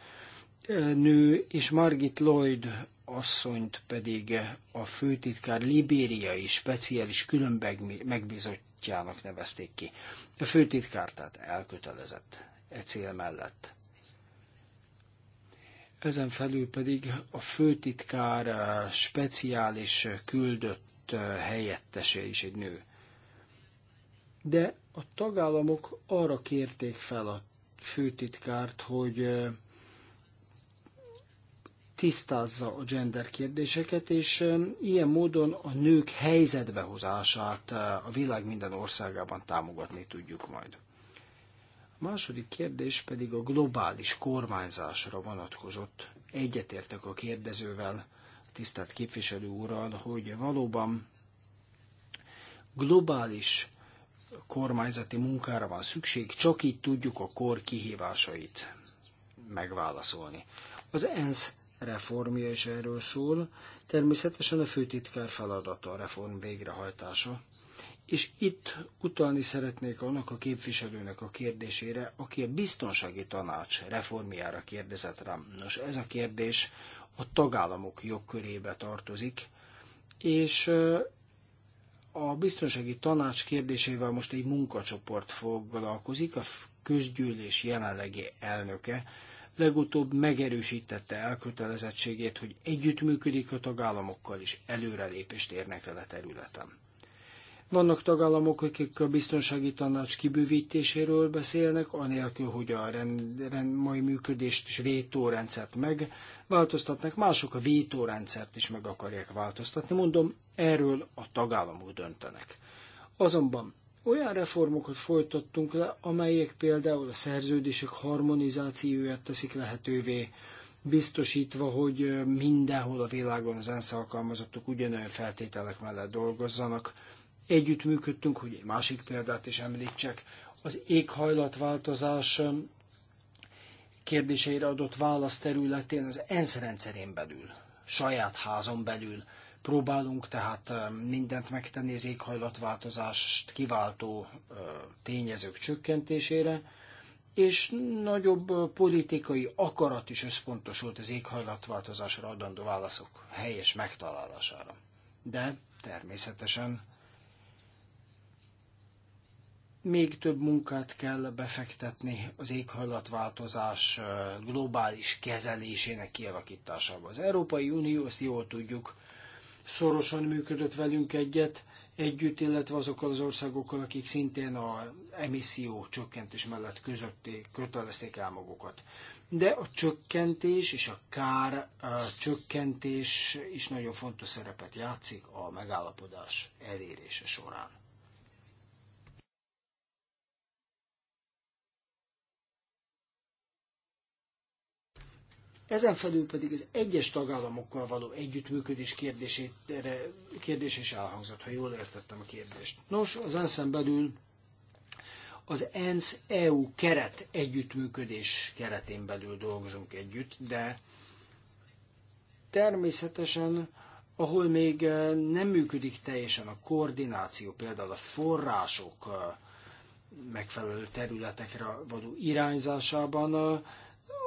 nő és Margit Lloyd asszonyt pedig a főtitkár libériai speciális különbeg megbizottjának nevezték ki. A főtitkár tehát elkötelezett e cél mellett. Ezen felül pedig a főtitkár e, speciális küldött e, helyettese is egy nő. De a tagállamok arra kérték fel a főtitkárt, hogy e, tisztázza a gender kérdéseket, és ilyen módon a nők helyzetbehozását eh, a világ minden országában támogatni tudjuk majd. A második kérdés pedig a globális kormányzásra vonatkozott. Egyetértek a kérdezővel, a tisztelt képviselő úrral, hogy valóban globális kormányzati munkára van szükség, csak így tudjuk a kor kihívásait megválaszolni. Az ENSZ reformja is erről szól, természetesen a főtitkár feladata a reform végrehajtása. És itt utalni szeretnék annak a képviselőnek a kérdésére, aki a biztonsági tanács reformjára kérdezett rám. Nos, ez a kérdés a tagállamok jogkörébe tartozik, és a biztonsági tanács kérdésével most egy munkacsoport foglalkozik, a közgyűlés jelenlegi elnöke legutóbb megerősítette elkötelezettségét, hogy együttműködik a tagállamokkal, és előrelépést érnek el a területen. Vannak tagállamok, akik a biztonsági tanács kibővítéséről beszélnek, anélkül, hogy a rend, rend, mai működést és vétórendszert megváltoztatnak, mások a vétórendszert is meg akarják változtatni. Mondom, erről a tagállamok döntenek. Azonban olyan reformokat folytattunk le, amelyek például a szerződések harmonizációját teszik lehetővé, biztosítva, hogy mindenhol a világon az ENSZ alkalmazottak ugyanolyan feltételek mellett dolgozzanak. Együttműködtünk, hogy egy másik példát is említsek, az éghajlatváltozás kérdéseire adott válasz területén az ENSZ rendszerén belül, saját házon belül Próbálunk tehát eh, mindent megtenni az éghajlatváltozást kiváltó eh, tényezők csökkentésére, és nagyobb eh, politikai akarat is összpontosult az éghajlatváltozásra adandó válaszok helyes megtalálására. De természetesen még több munkát kell befektetni az éghajlatváltozás globális kezelésének kialakításába. Az Európai Unió, ezt jól tudjuk, szorosan működött velünk egyet, együtt, illetve azokkal az országokkal, akik szintén a emisszió csökkentés mellett közötti, kötelezték el magukat. De a csökkentés és a kár a csökkentés is nagyon fontos szerepet játszik a megállapodás elérése során. Ezen felül pedig az egyes tagállamokkal való együttműködés kérdésére, kérdés is elhangzott, ha jól értettem a kérdést. Nos, az ensz belül az ENSZ-EU keret együttműködés keretén belül dolgozunk együtt, de természetesen ahol még eh, nem működik teljesen a koordináció, például a források eh, megfelelő területekre való irányzásában, eh,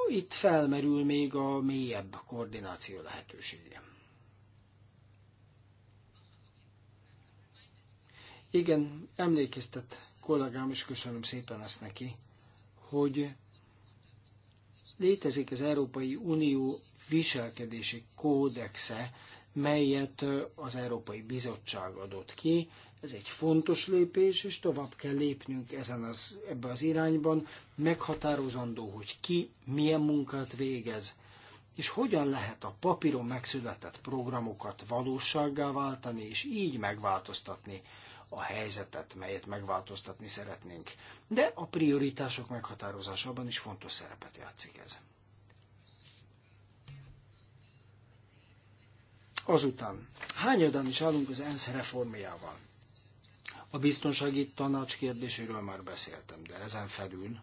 itt felmerül még a mélyebb koordináció lehetősége. Igen, emlékeztet kollégám, és köszönöm szépen ezt neki, hogy létezik az Európai Unió viselkedési kódexe, melyet az Európai Bizottság adott ki, ez egy fontos lépés, és tovább kell lépnünk ezen az, ebbe az irányban, meghatározandó, hogy ki milyen munkát végez, és hogyan lehet a papíron megszületett programokat valósággá váltani, és így megváltoztatni a helyzetet, melyet megváltoztatni szeretnénk. De a prioritások meghatározásában is fontos szerepet játszik ez. Azután, hányadán is állunk az ENSZ reformjával? A biztonsági tanács kérdéséről már beszéltem, de ezen felül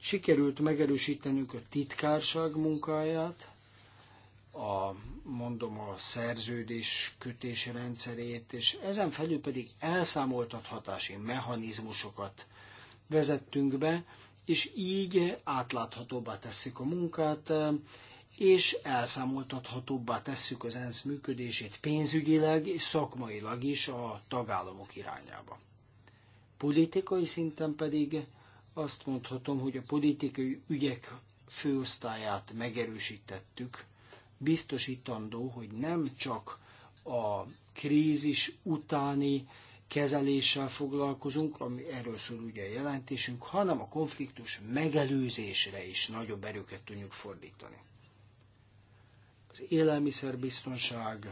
sikerült megerősítenünk a titkárság munkáját, a, mondom, a szerződés kötés rendszerét, és ezen felül pedig elszámoltathatási mechanizmusokat vezettünk be, és így átláthatóbbá tesszük a munkát, és elszámoltathatóbbá tesszük az ENSZ működését pénzügyileg és szakmailag is a tagállamok irányába. Politikai szinten pedig azt mondhatom, hogy a politikai ügyek főosztályát megerősítettük, biztosítandó, hogy nem csak a krízis utáni kezeléssel foglalkozunk, ami erről szól ugye a jelentésünk, hanem a konfliktus megelőzésre is nagyobb erőket tudjuk fordítani az élelmiszerbiztonság,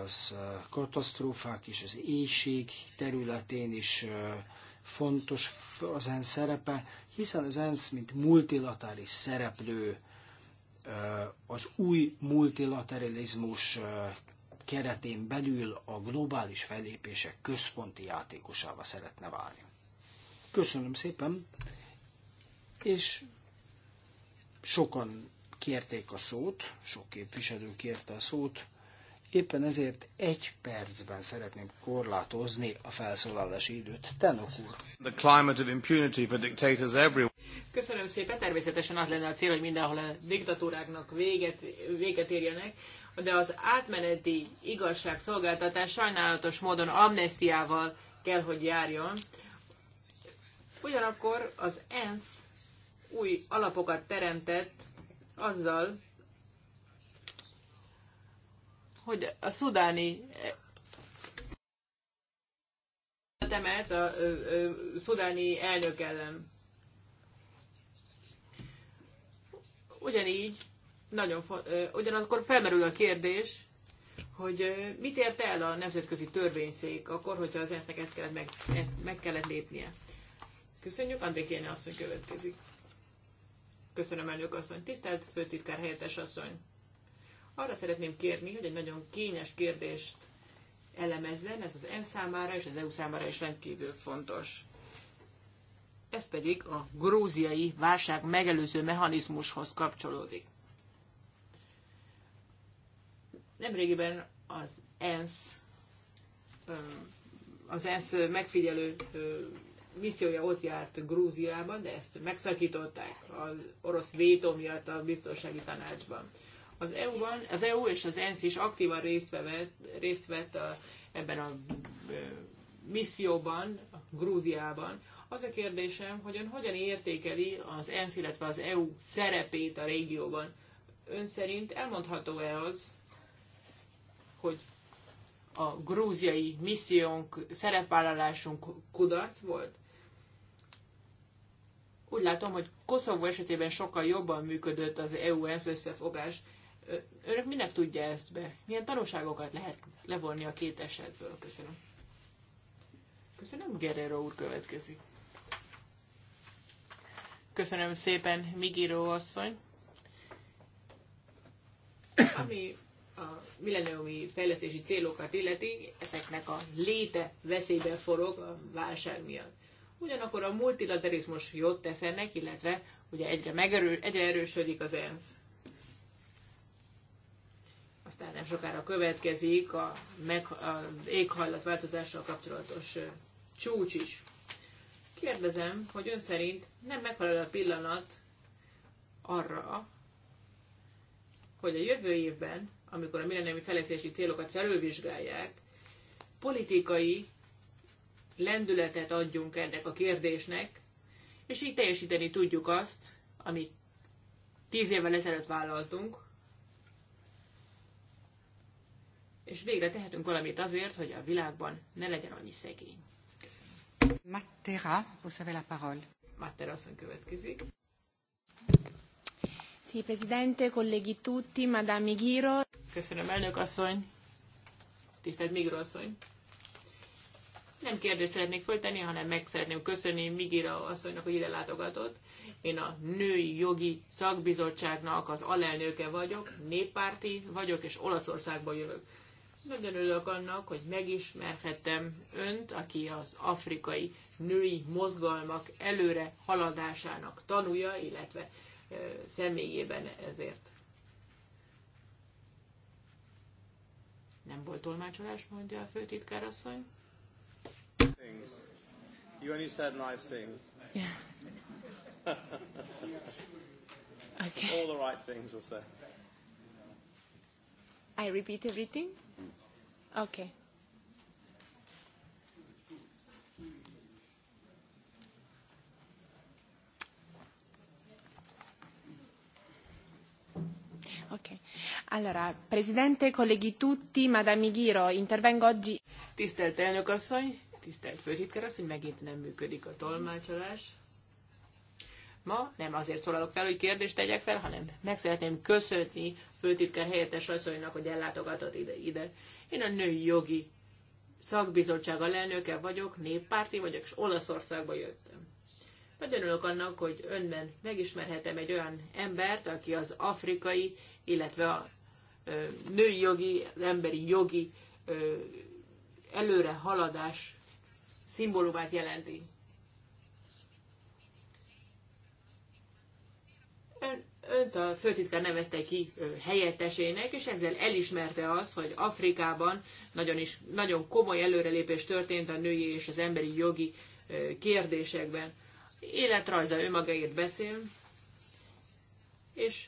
az katasztrófák és az éjség területén is fontos az ENSZ szerepe, hiszen az ENSZ, mint multilaterális szereplő, az új multilateralizmus keretén belül a globális fellépések központi játékosává szeretne válni. Köszönöm szépen, és sokan kérték a szót, sok képviselő kérte a szót, éppen ezért egy percben szeretném korlátozni a felszólalási időt. Tenok úr! The climate of impunity for dictators everywhere. Köszönöm szépen, természetesen az lenne a cél, hogy mindenhol a diktatúráknak véget, véget érjenek, de az átmeneti igazságszolgáltatás sajnálatos módon amnestiával kell, hogy járjon. Ugyanakkor az ENSZ új alapokat teremtett azzal, hogy a szudáni temet a szudáni elnök ellen. Ugyanígy, nagyon, ugyanakkor felmerül a kérdés, hogy mit ért el a nemzetközi törvényszék akkor, hogyha az ENSZ-nek ezt kellett meg, ezt meg kellett lépnie. Köszönjük, André Kéne asszony következik. Köszönöm, elnök asszony. Tisztelt főtitkár helyettes asszony. Arra szeretném kérni, hogy egy nagyon kényes kérdést elemezzen, ez az EN számára és az EU számára is rendkívül fontos. Ez pedig a gróziai válság megelőző mechanizmushoz kapcsolódik. Nemrégiben az ENSZ az ENSZ megfigyelő missziója ott járt Grúziában, de ezt megszakították az orosz vétó miatt a biztonsági tanácsban. Az, EU-ban, az EU és az ENSZ is aktívan részt vett, részt vett a, ebben a e, misszióban, Grúziában. Az a kérdésem, hogy ön hogyan értékeli az ENSZ, illetve az EU szerepét a régióban? Ön szerint elmondható-e az, hogy a grúziai missziónk, szerepvállalásunk kudarc volt? Úgy látom, hogy Koszovó esetében sokkal jobban működött az EU-ENSZ összefogás. Önök minek tudja ezt be? Milyen tanulságokat lehet levonni a két esetből? Köszönöm. Köszönöm, Gerero úr következik. Köszönöm szépen, Migiro asszony. Ami a milleniumi fejlesztési célokat illeti, ezeknek a léte veszélyben forog a válság miatt ugyanakkor a multilaterizmus jót tesz ennek, illetve ugye egyre, megerő, egyre erősödik az ENSZ. Aztán nem sokára következik a, meg, a éghajlatváltozással kapcsolatos csúcs is. Kérdezem, hogy ön szerint nem megfelelő a pillanat arra, hogy a jövő évben, amikor a millenniumi fejlesztési célokat felülvizsgálják, politikai lendületet adjunk ennek a kérdésnek, és így teljesíteni tudjuk azt, amit tíz évvel ezelőtt vállaltunk, és végre tehetünk valamit azért, hogy a világban ne legyen annyi szegény. Köszönöm. Matera, vous avez la parole. Matera asszony következik. Sì, Presidente, colleghi tutti, Madame Migiro. Köszönöm, elnök asszony. Tisztelt Migiro asszony. Nem kérdést szeretnék föltenni, hanem meg szeretném köszönni Migira asszonynak, hogy ide látogatott. Én a Női Jogi Szakbizottságnak az alelnöke vagyok, néppárti vagyok, és Olaszországból jövök. Nagyon örülök annak, hogy megismerhettem önt, aki az afrikai női mozgalmak előre haladásának tanúja, illetve ö, személyében ezért. Nem volt tolmácsolás, mondja a főtitkárasszony things. You only said nice things. Yeah. okay. All the right things are said. I repeat everything? Okay. Okay. Allora, Presidente, colleghi tutti, Madame Ghiro, intervengo oggi. Tisztelt elnök asszony, Tisztelt Főtitkár, azt, hogy megint nem működik a tolmácsolás. Ma nem azért szólalok fel, hogy kérdést tegyek fel, hanem meg szeretném köszönni főtitkár helyettes asszonynak, hogy ellátogatott ide. ide. Én a női jogi szakbizottság alelnöke vagyok, néppárti vagyok, és Olaszországba jöttem. Nagyon örülök annak, hogy önben megismerhetem egy olyan embert, aki az afrikai, illetve a női jogi, az emberi jogi előre haladás szimbólumát jelenti. Ön, önt a főtitkár nevezte ki helyettesének, és ezzel elismerte azt, hogy Afrikában nagyon, is, nagyon komoly előrelépés történt a női és az emberi jogi kérdésekben. Életrajza önmagáért beszél, és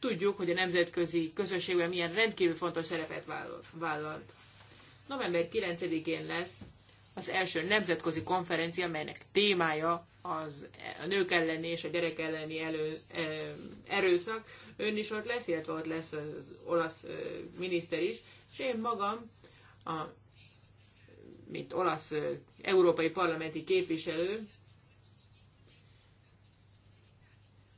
tudjuk, hogy a nemzetközi közösségben milyen rendkívül fontos szerepet vállalt. November 9-én lesz az első nemzetközi konferencia, melynek témája az a nők elleni és a gyerek elleni elő, erőszak. Ön is ott lesz, illetve ott lesz az olasz miniszter is, és én magam, a, mint olasz európai parlamenti képviselő,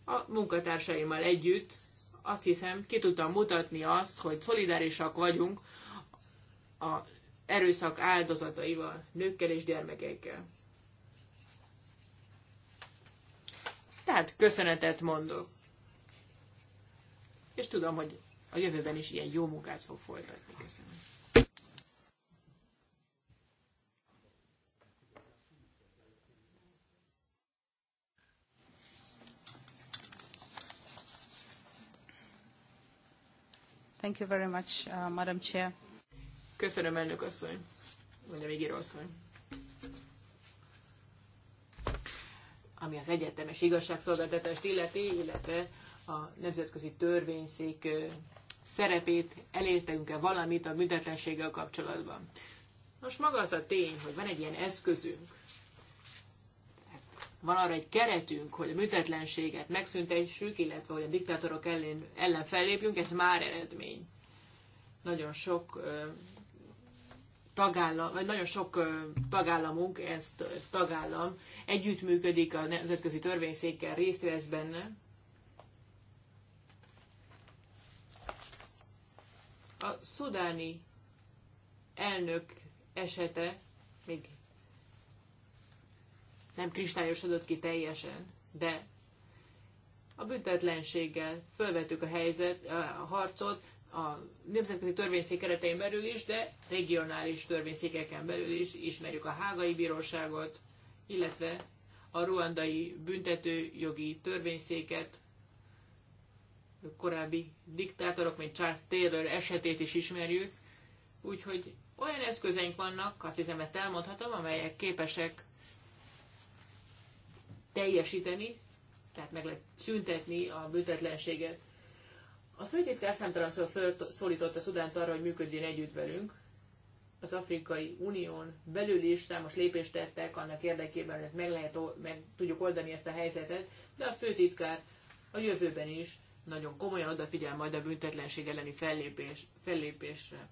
a munkatársaimmal együtt azt hiszem ki tudtam mutatni azt, hogy szolidárisak vagyunk a erőszak áldozataival, nőkkel és gyermekekkel. Tehát köszönetet mondok. És tudom, hogy a jövőben is ilyen jó munkát fog folytatni. Köszönöm. Thank you very much, uh, Madam Chair. Köszönöm, elnök asszony, mondja még asszony. Ami az egyetemes igazságszolgáltatást illeti, illetve a nemzetközi törvényszék szerepét, elértünk-e valamit a büntetlenséggel kapcsolatban. Most maga az a tény, hogy van egy ilyen eszközünk, van arra egy keretünk, hogy a műtetlenséget megszüntessük, illetve hogy a diktátorok ellen, ellen fellépjünk, ez már eredmény. Nagyon sok ö, tagállam, vagy nagyon sok tagállamunk, ez, tagállam, együttműködik a nemzetközi törvényszékkel, részt vesz benne. A szudáni elnök esete még nem kristályosodott ki teljesen, de a büntetlenséggel fölvettük a helyzet, a harcot, a nemzetközi törvényszék keretein belül is, de regionális törvényszékeken belül is ismerjük a hágai bíróságot, illetve a ruandai büntetőjogi törvényszéket, korábbi diktátorok, mint Charles Taylor esetét is ismerjük. Úgyhogy olyan eszközeink vannak, azt hiszem ezt elmondhatom, amelyek képesek teljesíteni, tehát meg lehet szüntetni a büntetlenséget. A főtitkár számtalanszor a Szudánt arra, hogy működjön együtt velünk. Az Afrikai Unión belül is számos lépést tettek annak érdekében, hogy meg, lehet, meg tudjuk oldani ezt a helyzetet, de a főtitkár a jövőben is nagyon komolyan odafigyel majd a büntetlenség elleni fellépés, fellépésre,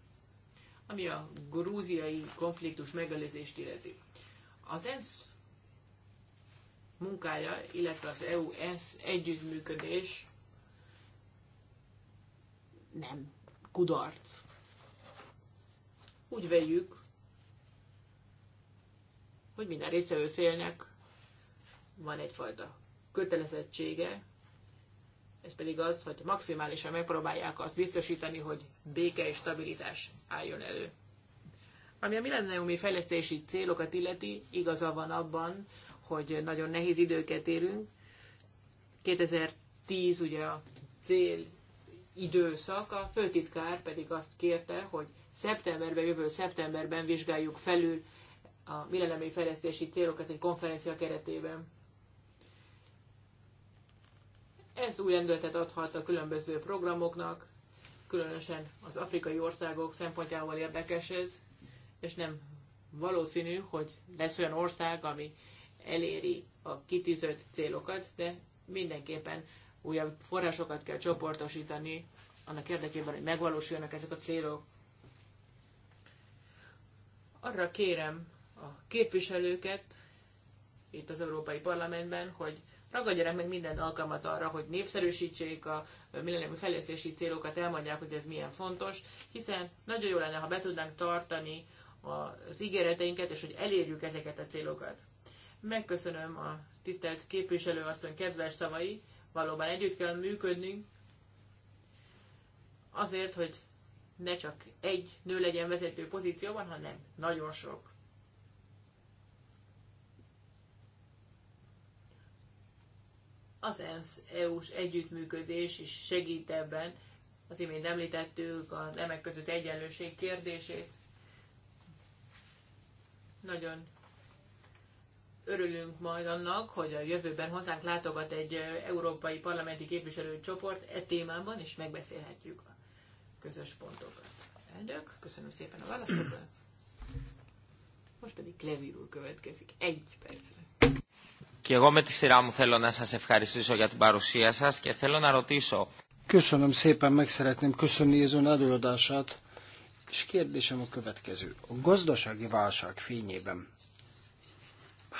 ami a grúziai konfliktus megelőzést illeti. Az ENSZ munkája, illetve az EU-ENSZ együttműködés nem kudarc. Úgy vegyük, hogy minden részevő félnek van egyfajta kötelezettsége, ez pedig az, hogy maximálisan megpróbálják azt biztosítani, hogy béke és stabilitás álljon elő. Ami a millenniumi fejlesztési célokat illeti, igaza van abban, hogy nagyon nehéz időket érünk. 2010 ugye a cél időszak, a főtitkár pedig azt kérte, hogy szeptemberben, jövő szeptemberben vizsgáljuk felül a millenemi fejlesztési célokat egy konferencia keretében. Ez új lendületet adhat a különböző programoknak, különösen az afrikai országok szempontjából érdekes ez, és nem valószínű, hogy lesz olyan ország, ami eléri a kitűzött célokat, de mindenképpen újabb forrásokat kell csoportosítani annak érdekében, hogy megvalósuljanak ezek a célok. Arra kérem a képviselőket itt az Európai Parlamentben, hogy ragadjanak meg minden alkalmat arra, hogy népszerűsítsék a millenniumi fejlesztési célokat, elmondják, hogy ez milyen fontos, hiszen nagyon jó lenne, ha be tudnánk tartani az ígéreteinket, és hogy elérjük ezeket a célokat. Megköszönöm a tisztelt képviselőasszony kedves szavai, valóban együtt kell működnünk, azért, hogy ne csak egy nő legyen vezető pozícióban, hanem nagyon sok. Az ENSZ-EU-s együttműködés is segít ebben. Az imént említettük a nemek között egyenlőség kérdését. Nagyon örülünk majd annak, hogy a jövőben hozzánk látogat egy európai parlamenti képviselőcsoport e témában, és megbeszélhetjük a közös pontokat. Elnök, köszönöm szépen a válaszokat. Most pedig Klevir úr következik. Egy percre. Και εγώ με τη σειρά μου θέλω να σας ευχαριστήσω για την παρουσία σας και θέλω να ρωτήσω. Köszönöm szépen, meg szeretném köszönni az ön előadását, és kérdésem a következő. A gazdasági válság fényében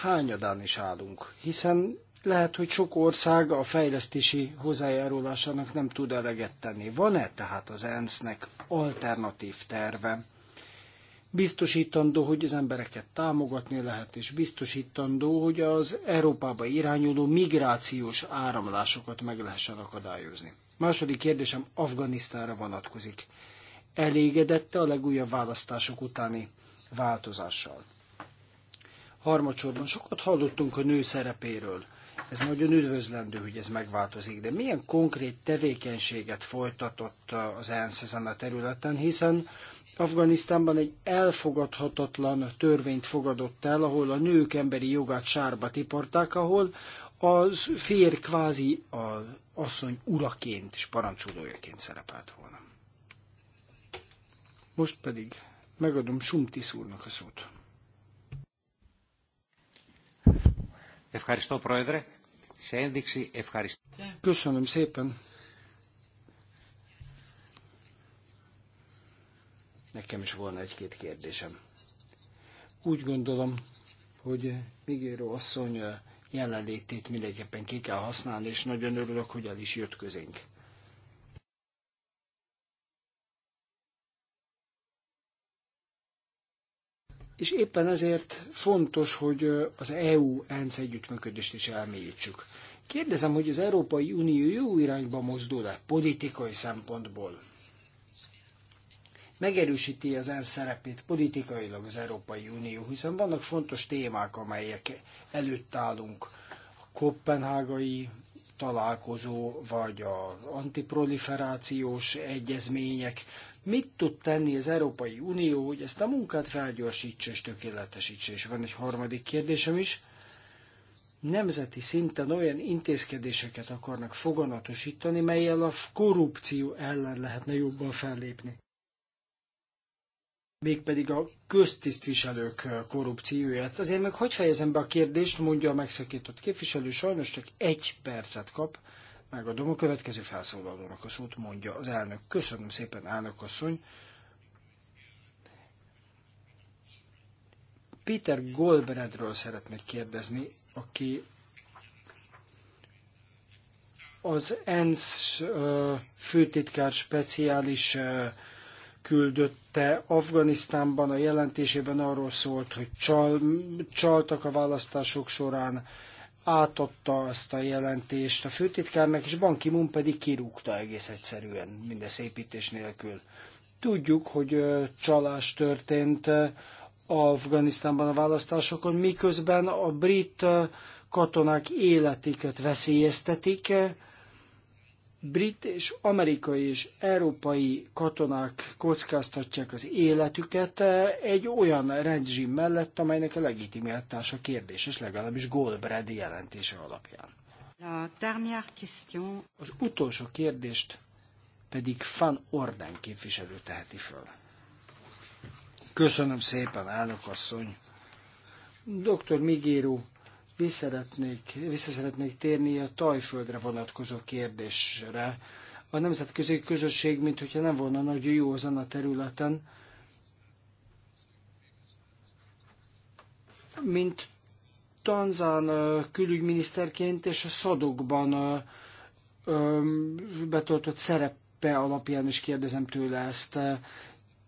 hányadán is állunk, hiszen lehet, hogy sok ország a fejlesztési hozzájárulásának nem tud eleget tenni. Van-e tehát az ENSZ-nek alternatív terve? Biztosítandó, hogy az embereket támogatni lehet, és biztosítandó, hogy az Európába irányuló migrációs áramlásokat meg lehessen akadályozni. Második kérdésem Afganisztánra vonatkozik. Elégedette a legújabb választások utáni változással? Harmadsorban sokat hallottunk a nő szerepéről. Ez nagyon üdvözlendő, hogy ez megváltozik, de milyen konkrét tevékenységet folytatott az ENSZ ezen a területen, hiszen Afganisztánban egy elfogadhatatlan törvényt fogadott el, ahol a nők emberi jogát sárba tiporták, ahol az fér kvázi az asszony uraként és parancsolójaként szerepelt volna. Most pedig megadom Sumtis úrnak a szót. Ευχαριστώ, Πρόεδρε. Σε ένδειξη ευχαριστώ. Köszönöm szépen. Nekem is volna egy-két kérdésem. Úgy gondolom, hogy Migéro asszony jelenlétét mindenképpen ki kell használni, és nagyon örülök, hogy el is jött közénk. és éppen ezért fontos, hogy az EU-ENSZ együttműködést is elmélyítsük. Kérdezem, hogy az Európai Unió jó irányba mozdul-e politikai szempontból? Megerősíti az ENSZ szerepét politikailag az Európai Unió, hiszen vannak fontos témák, amelyek előtt állunk. A kopenhágai találkozó, vagy az antiproliferációs egyezmények Mit tud tenni az Európai Unió, hogy ezt a munkát felgyorsítsa és tökéletesítse? És van egy harmadik kérdésem is. Nemzeti szinten olyan intézkedéseket akarnak foganatosítani, melyel a korrupció ellen lehetne jobban fellépni mégpedig a köztisztviselők korrupcióját. Azért meg hogy fejezem be a kérdést, mondja a megszakított képviselő, sajnos csak egy percet kap, megadom a következő felszólalónak a szót, mondja az elnök. Köszönöm szépen, elnök asszony. Peter Goldbredről szeretnék kérdezni, aki az ENSZ főtitkár speciális küldötte Afganisztánban a jelentésében arról szólt, hogy csal, csaltak a választások során, átadta ezt a jelentést a főtitkárnak, és Ban ki pedig kirúgta egész egyszerűen, mindez építés nélkül. Tudjuk, hogy csalás történt Afganisztánban a választásokon, miközben a brit katonák életiket veszélyeztetik, brit és amerikai és európai katonák kockáztatják az életüket eh, egy olyan rezsim mellett, amelynek a legitimitása és legalábbis Goldbrady jelentése alapján. Az utolsó kérdést pedig Van Orden képviselő teheti föl. Köszönöm szépen, elnök asszony. Dr. Migéru Visszaszeretnék, visszaszeretnék térni a tajföldre vonatkozó kérdésre. A nemzetközi közösség, mint hogyha nem volna nagyon jó azon a területen, mint tanzán külügyminiszterként és a szadokban betöltött szerepe alapján is kérdezem tőle ezt,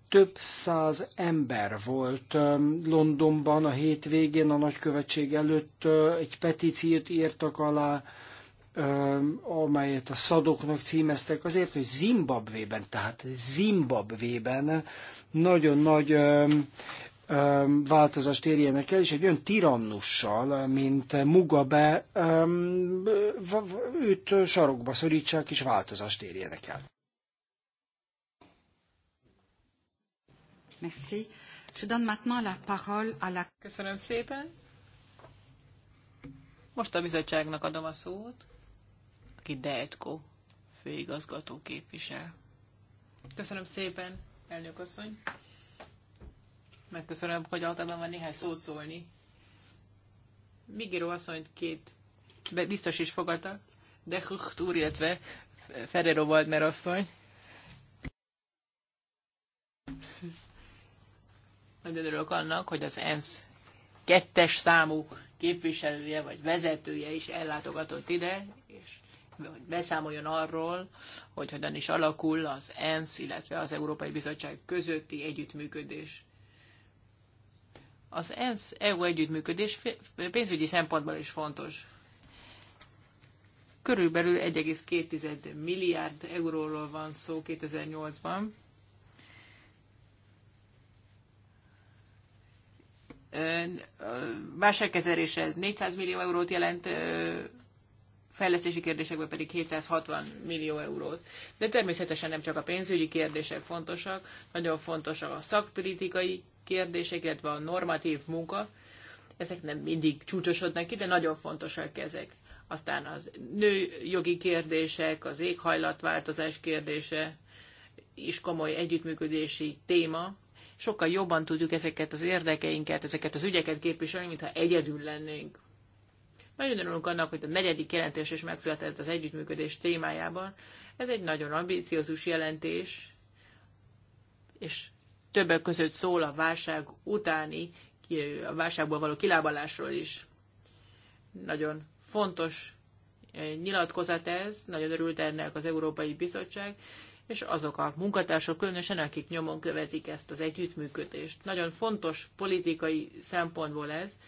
több száz ember volt Londonban a hétvégén, a nagykövetség előtt egy petíciót írtak alá, amelyet a szadoknak címeztek, azért, hogy Zimbabvében, tehát Zimbabvében nagyon nagy változást érjenek el, és egy olyan tirannussal, mint Mugabe, őt sarokba szorítsák, és változást érjenek el. Merci. Je donne maintenant la parole à la... Köszönöm szépen. Most a bizottságnak adom a szót, aki Dejtko főigazgató képvisel. Köszönöm szépen, elnök asszony. Megköszönöm, hogy alkalmam van néhány szót szólni. Migiro asszonyt két biztos is fogadta, de Hucht úr, illetve Ferrero Waldner asszony. Nagyon örülök annak, hogy az ENSZ kettes számú képviselője vagy vezetője is ellátogatott ide, és hogy beszámoljon arról, hogy hogyan is alakul az ENSZ, illetve az Európai Bizottság közötti együttműködés. Az ENSZ-EU együttműködés pénzügyi szempontból is fontos. Körülbelül 1,2 milliárd euróról van szó 2008-ban, válságkezelésre 400 millió eurót jelent, fejlesztési kérdésekben pedig 760 millió eurót. De természetesen nem csak a pénzügyi kérdések fontosak, nagyon fontosak a szakpolitikai kérdések, illetve a normatív munka. Ezek nem mindig csúcsosodnak ki, de nagyon fontosak ezek. Aztán az nőjogi kérdések, az éghajlatváltozás kérdése is komoly együttműködési téma, sokkal jobban tudjuk ezeket az érdekeinket, ezeket az ügyeket képviselni, mintha egyedül lennénk. Nagyon örülünk annak, hogy a negyedik jelentés is megszületett az együttműködés témájában. Ez egy nagyon ambíciózus jelentés, és többek között szól a válság utáni, a válságból való kilábalásról is. Nagyon fontos eh, nyilatkozat ez, nagyon örült ennek az Európai Bizottság, és azok a munkatársak különösen, akik nyomon követik ezt az együttműködést. Nagyon fontos politikai szempontból ez,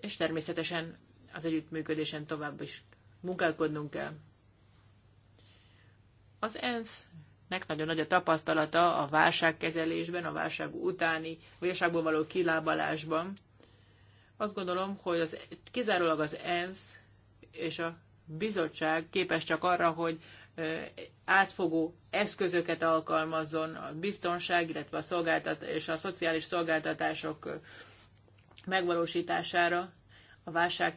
és természetesen az együttműködésen tovább is munkálkodnunk kell. Az ENSZ-nek nagyon nagy a tapasztalata a válságkezelésben, a válság utáni, a válságból való kilábalásban. Azt gondolom, hogy az, kizárólag az ENSZ és a bizottság képes csak arra, hogy átfogó eszközöket alkalmazzon a biztonság, illetve a szolgáltat és a szociális szolgáltatások megvalósítására, a válság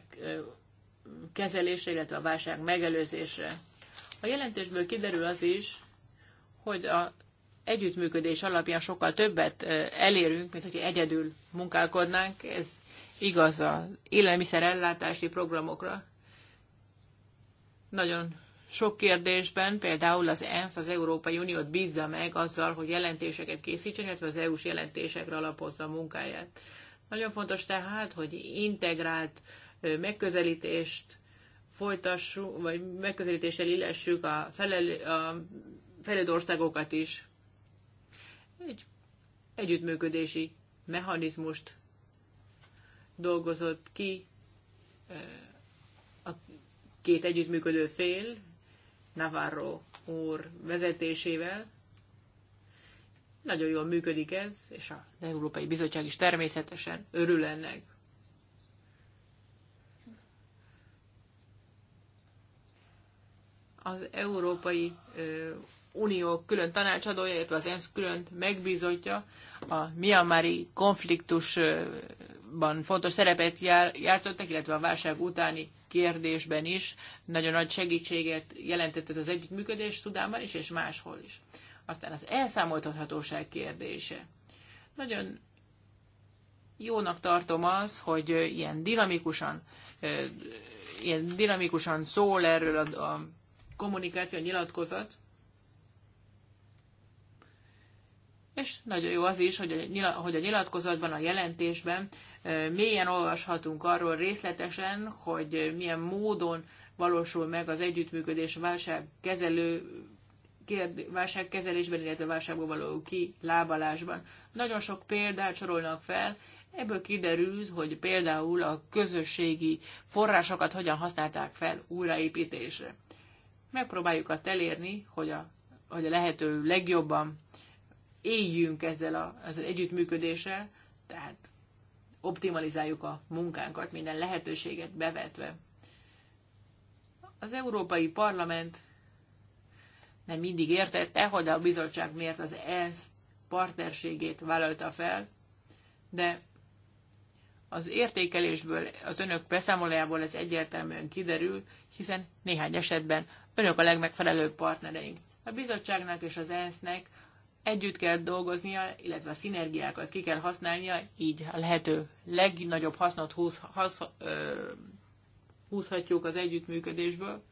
kezelésre, illetve a válság megelőzésre. A jelentésből kiderül az is, hogy a együttműködés alapján sokkal többet elérünk, mint hogy egyedül munkálkodnánk. Ez igaz az élelmiszerellátási programokra. Nagyon sok kérdésben, például az ENSZ az Európai Uniót bízza meg azzal, hogy jelentéseket készítsen, illetve az EU-s jelentésekre alapozza a munkáját. Nagyon fontos tehát, hogy integrált megközelítést folytassuk, vagy megközelítéssel illessük a, felel, a fejlődő országokat is. Egy együttműködési mechanizmust dolgozott ki a két együttműködő fél, Navarro úr vezetésével. Nagyon jól működik ez, és az Európai Bizottság is természetesen örül ennek. Az Európai Unió külön tanácsadója, illetve az ENSZ külön megbízottja a Myanmari konfliktusban fontos szerepet játszottak, illetve a válság utáni kérdésben is nagyon nagy segítséget jelentett ez az együttműködés Szudánban is, és máshol is. Aztán az elszámoltathatóság kérdése. Nagyon jónak tartom az, hogy ilyen dinamikusan, ilyen dinamikusan szól erről a, a kommunikáció, nyilatkozat, és nagyon jó az is, hogy a, hogy a nyilatkozatban, a jelentésben mélyen olvashatunk arról részletesen, hogy milyen módon valósul meg az együttműködés válságkezelő válságkezelésben, illetve válságból való kilábalásban. Nagyon sok példát sorolnak fel, ebből kiderül, hogy például a közösségi forrásokat hogyan használták fel újraépítésre. Megpróbáljuk azt elérni, hogy a, hogy a lehető legjobban éljünk ezzel az együttműködéssel, tehát optimalizáljuk a munkánkat, minden lehetőséget bevetve. Az Európai Parlament nem mindig értette, hogy a bizottság miért az ESZ partnerségét vállalta fel, de az értékelésből, az önök beszámolójából ez egyértelműen kiderül, hiszen néhány esetben önök a legmegfelelőbb partnereink. A bizottságnak és az ENSZ-nek együtt kell dolgoznia, illetve a szinergiákat ki kell használnia, így a lehető legnagyobb hasznot húz, hasz, ö, húzhatjuk az együttműködésből,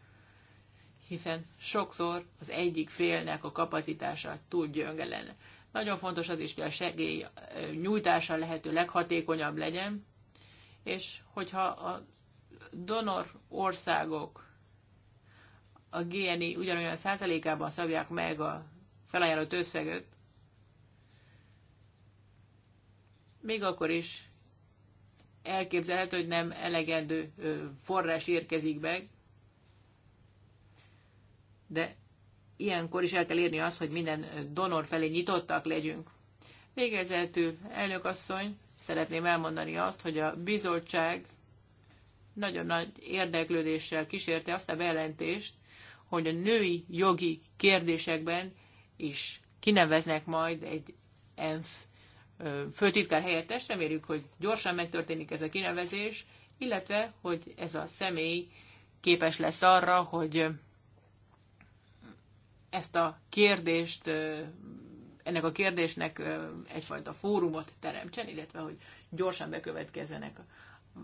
hiszen sokszor az egyik félnek a kapacitása túl gyönge lenne. Nagyon fontos az is, hogy a segély nyújtása lehető leghatékonyabb legyen, és hogyha a donor országok a GNI ugyanolyan százalékában szabják meg a felajánlott összeget, még akkor is elképzelhető, hogy nem elegendő forrás érkezik meg, de ilyenkor is el kell érni azt, hogy minden donor felé nyitottak legyünk. Végezetül, elnök asszony, szeretném elmondani azt, hogy a bizottság nagyon nagy érdeklődéssel kísérte azt a bejelentést, hogy a női jogi kérdésekben is kineveznek majd egy ENSZ főtitkár helyettes, reméljük, hogy gyorsan megtörténik ez a kinevezés, illetve, hogy ez a személy képes lesz arra, hogy ezt a kérdést, ennek a kérdésnek egyfajta fórumot teremtsen, illetve, hogy gyorsan bekövetkezzenek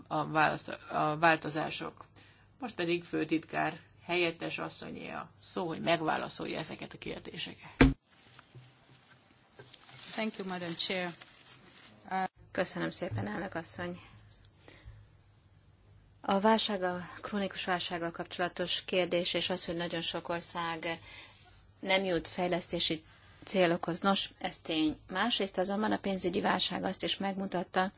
a, válasz, a változások. Most pedig főtitkár helyettes asszonyé a szó, hogy megválaszolja ezeket a kérdéseket. Thank you, Madam Chair. Köszönöm szépen, elnök asszony. A válsággal, krónikus válsággal kapcsolatos kérdés, és az, hogy nagyon sok ország nem jut fejlesztési célokhoz. Nos, ez tény. Másrészt azonban a pénzügyi válság azt is megmutatta,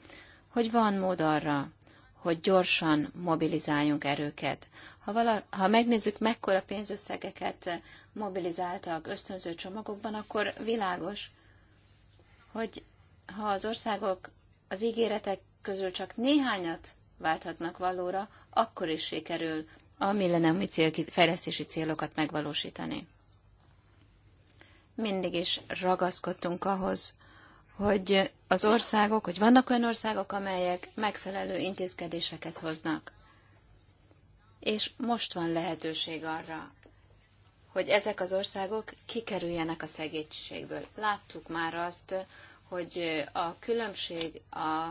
hogy van mód arra, hogy gyorsan mobilizáljunk erőket. Ha, vala, ha megnézzük, mekkora pénzösszegeket mobilizáltak ösztönző csomagokban, akkor világos, hogy ha az országok az ígéretek közül csak néhányat válthatnak valóra, akkor is sikerül a millenniumi fejlesztési célokat megvalósítani. Mindig is ragaszkodtunk ahhoz, hogy az országok, hogy vannak olyan országok, amelyek megfelelő intézkedéseket hoznak. És most van lehetőség arra, hogy ezek az országok kikerüljenek a szegénységből. Láttuk már azt, hogy a különbség a,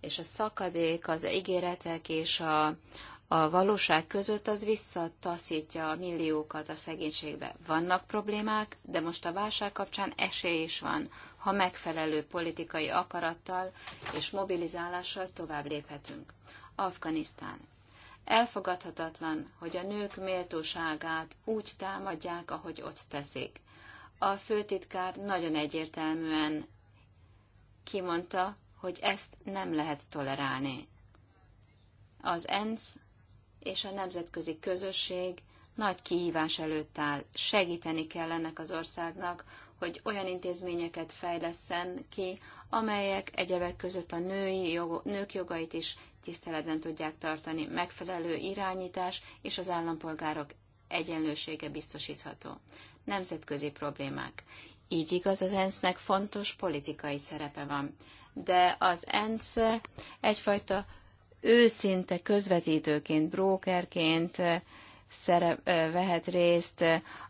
és a szakadék az ígéretek és a, a valóság között az visszataszítja a milliókat a szegénységbe. Vannak problémák, de most a válság kapcsán esély is van, ha megfelelő politikai akarattal és mobilizálással tovább léphetünk. Afganisztán. Elfogadhatatlan, hogy a nők méltóságát úgy támadják, ahogy ott teszik. A főtitkár nagyon egyértelműen kimondta, hogy ezt nem lehet tolerálni. Az ENSZ és a nemzetközi közösség nagy kihívás előtt áll. Segíteni kell ennek az országnak, hogy olyan intézményeket fejleszen ki, amelyek egyebek között a női jog, nők jogait is tiszteletben tudják tartani, megfelelő irányítás és az állampolgárok egyenlősége biztosítható. Nemzetközi problémák. Így igaz, az ENSZ-nek fontos politikai szerepe van. De az ENSZ egyfajta őszinte közvetítőként, brókerként szerep, vehet részt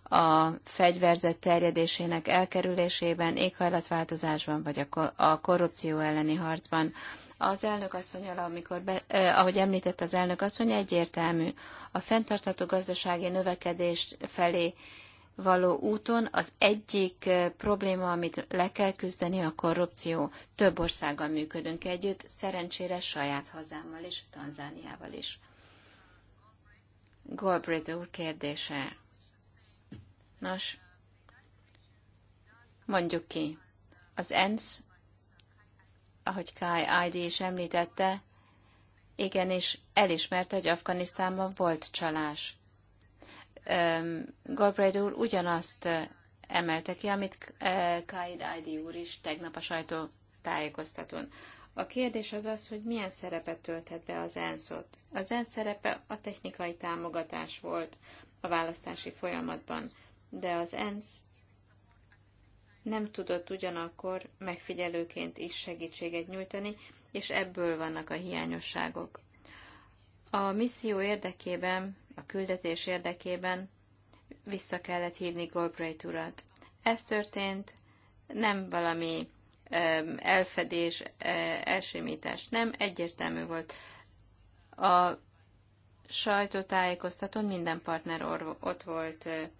a fegyverzet terjedésének elkerülésében, éghajlatváltozásban vagy a korrupció elleni harcban. Az elnök asszony, amikor be, eh, ahogy említett az elnök asszony, egyértelmű. A fenntartható gazdasági növekedés felé való úton az egyik eh, probléma, amit le kell küzdeni, a korrupció. Több országgal működünk együtt, szerencsére saját hazámmal és Tanzániával is. Galbraith úr kérdése. Nos, mondjuk ki, az ENSZ, ahogy Kai ID is említette, igenis elismerte, hogy Afganisztánban volt csalás. Galbraith úr ugyanazt eh, emelte ki, amit eh, Kaid Aidi úr is tegnap a tájékoztatón. A kérdés az az, hogy milyen szerepet tölthet be az ensz -ot. Az ENSZ szerepe a technikai támogatás volt a választási folyamatban, de az ENSZ nem tudott ugyanakkor megfigyelőként is segítséget nyújtani, és ebből vannak a hiányosságok. A misszió érdekében a küldetés érdekében vissza kellett hívni Galbraith urat. Ez történt, nem valami elfedés, e, elsimítás, nem, egyértelmű volt. A sajtótájékoztatón minden partner ott volt e,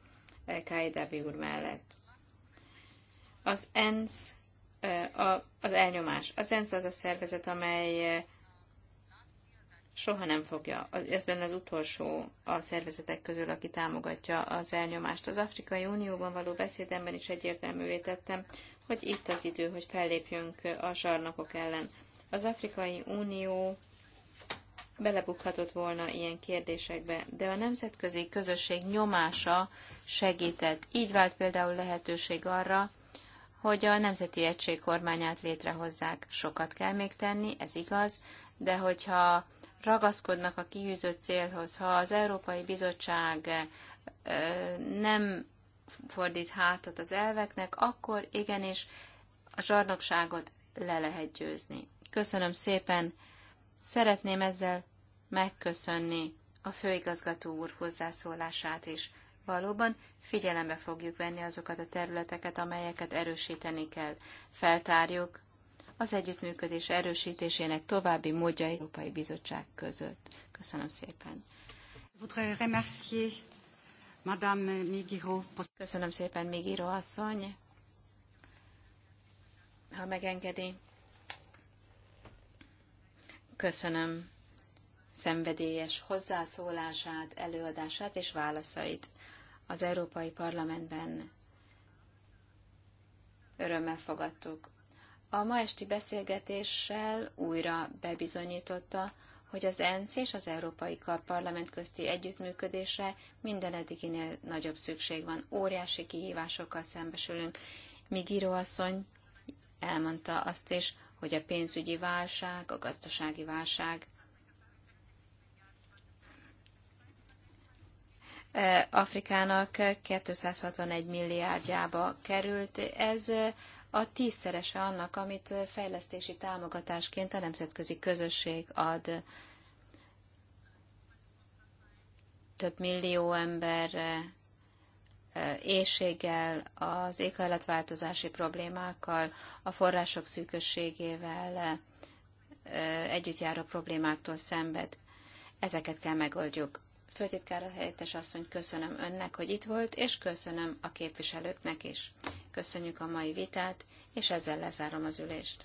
e, Kaidabi úr mellett. Az ENSZ a, az elnyomás. Az ENSZ az a szervezet, amely soha nem fogja. Ez lenne az utolsó a szervezetek közül, aki támogatja az elnyomást. Az Afrikai Unióban való beszédemben is egyértelművé tettem, hogy itt az idő, hogy fellépjünk a zsarnokok ellen. Az Afrikai Unió belebukhatott volna ilyen kérdésekbe, de a nemzetközi közösség nyomása segített. Így vált például lehetőség arra, hogy a Nemzeti Egység kormányát létrehozzák. Sokat kell még tenni, ez igaz, de hogyha ragaszkodnak a kihűzött célhoz, ha az Európai Bizottság eh, nem fordít hátat az elveknek, akkor igenis a zsarnokságot le lehet győzni. Köszönöm szépen, szeretném ezzel megköszönni a főigazgató úr hozzászólását is. Valóban figyelembe fogjuk venni azokat a területeket, amelyeket erősíteni kell. Feltárjuk az együttműködés erősítésének további módja Európai Bizottság között. Köszönöm szépen. Köszönöm szépen, Migiro asszony. Ha megengedi. Köszönöm szenvedélyes hozzászólását, előadását és válaszait az Európai Parlamentben. Örömmel fogadtuk a ma esti beszélgetéssel újra bebizonyította, hogy az ENSZ és az Európai Parlament közti együttműködésre minden eddiginél nagyobb szükség van. Óriási kihívásokkal szembesülünk. Míg íróasszony elmondta azt is, hogy a pénzügyi válság, a gazdasági válság Afrikának 261 milliárdjába került. Ez a tízszerese annak, amit fejlesztési támogatásként a nemzetközi közösség ad több millió ember éjséggel, az éghajlatváltozási problémákkal, a források szűkösségével együtt járó problémáktól szenved. Ezeket kell megoldjuk a helyettes asszony, köszönöm önnek, hogy itt volt, és köszönöm a képviselőknek is. Köszönjük a mai vitát, és ezzel lezárom az ülést.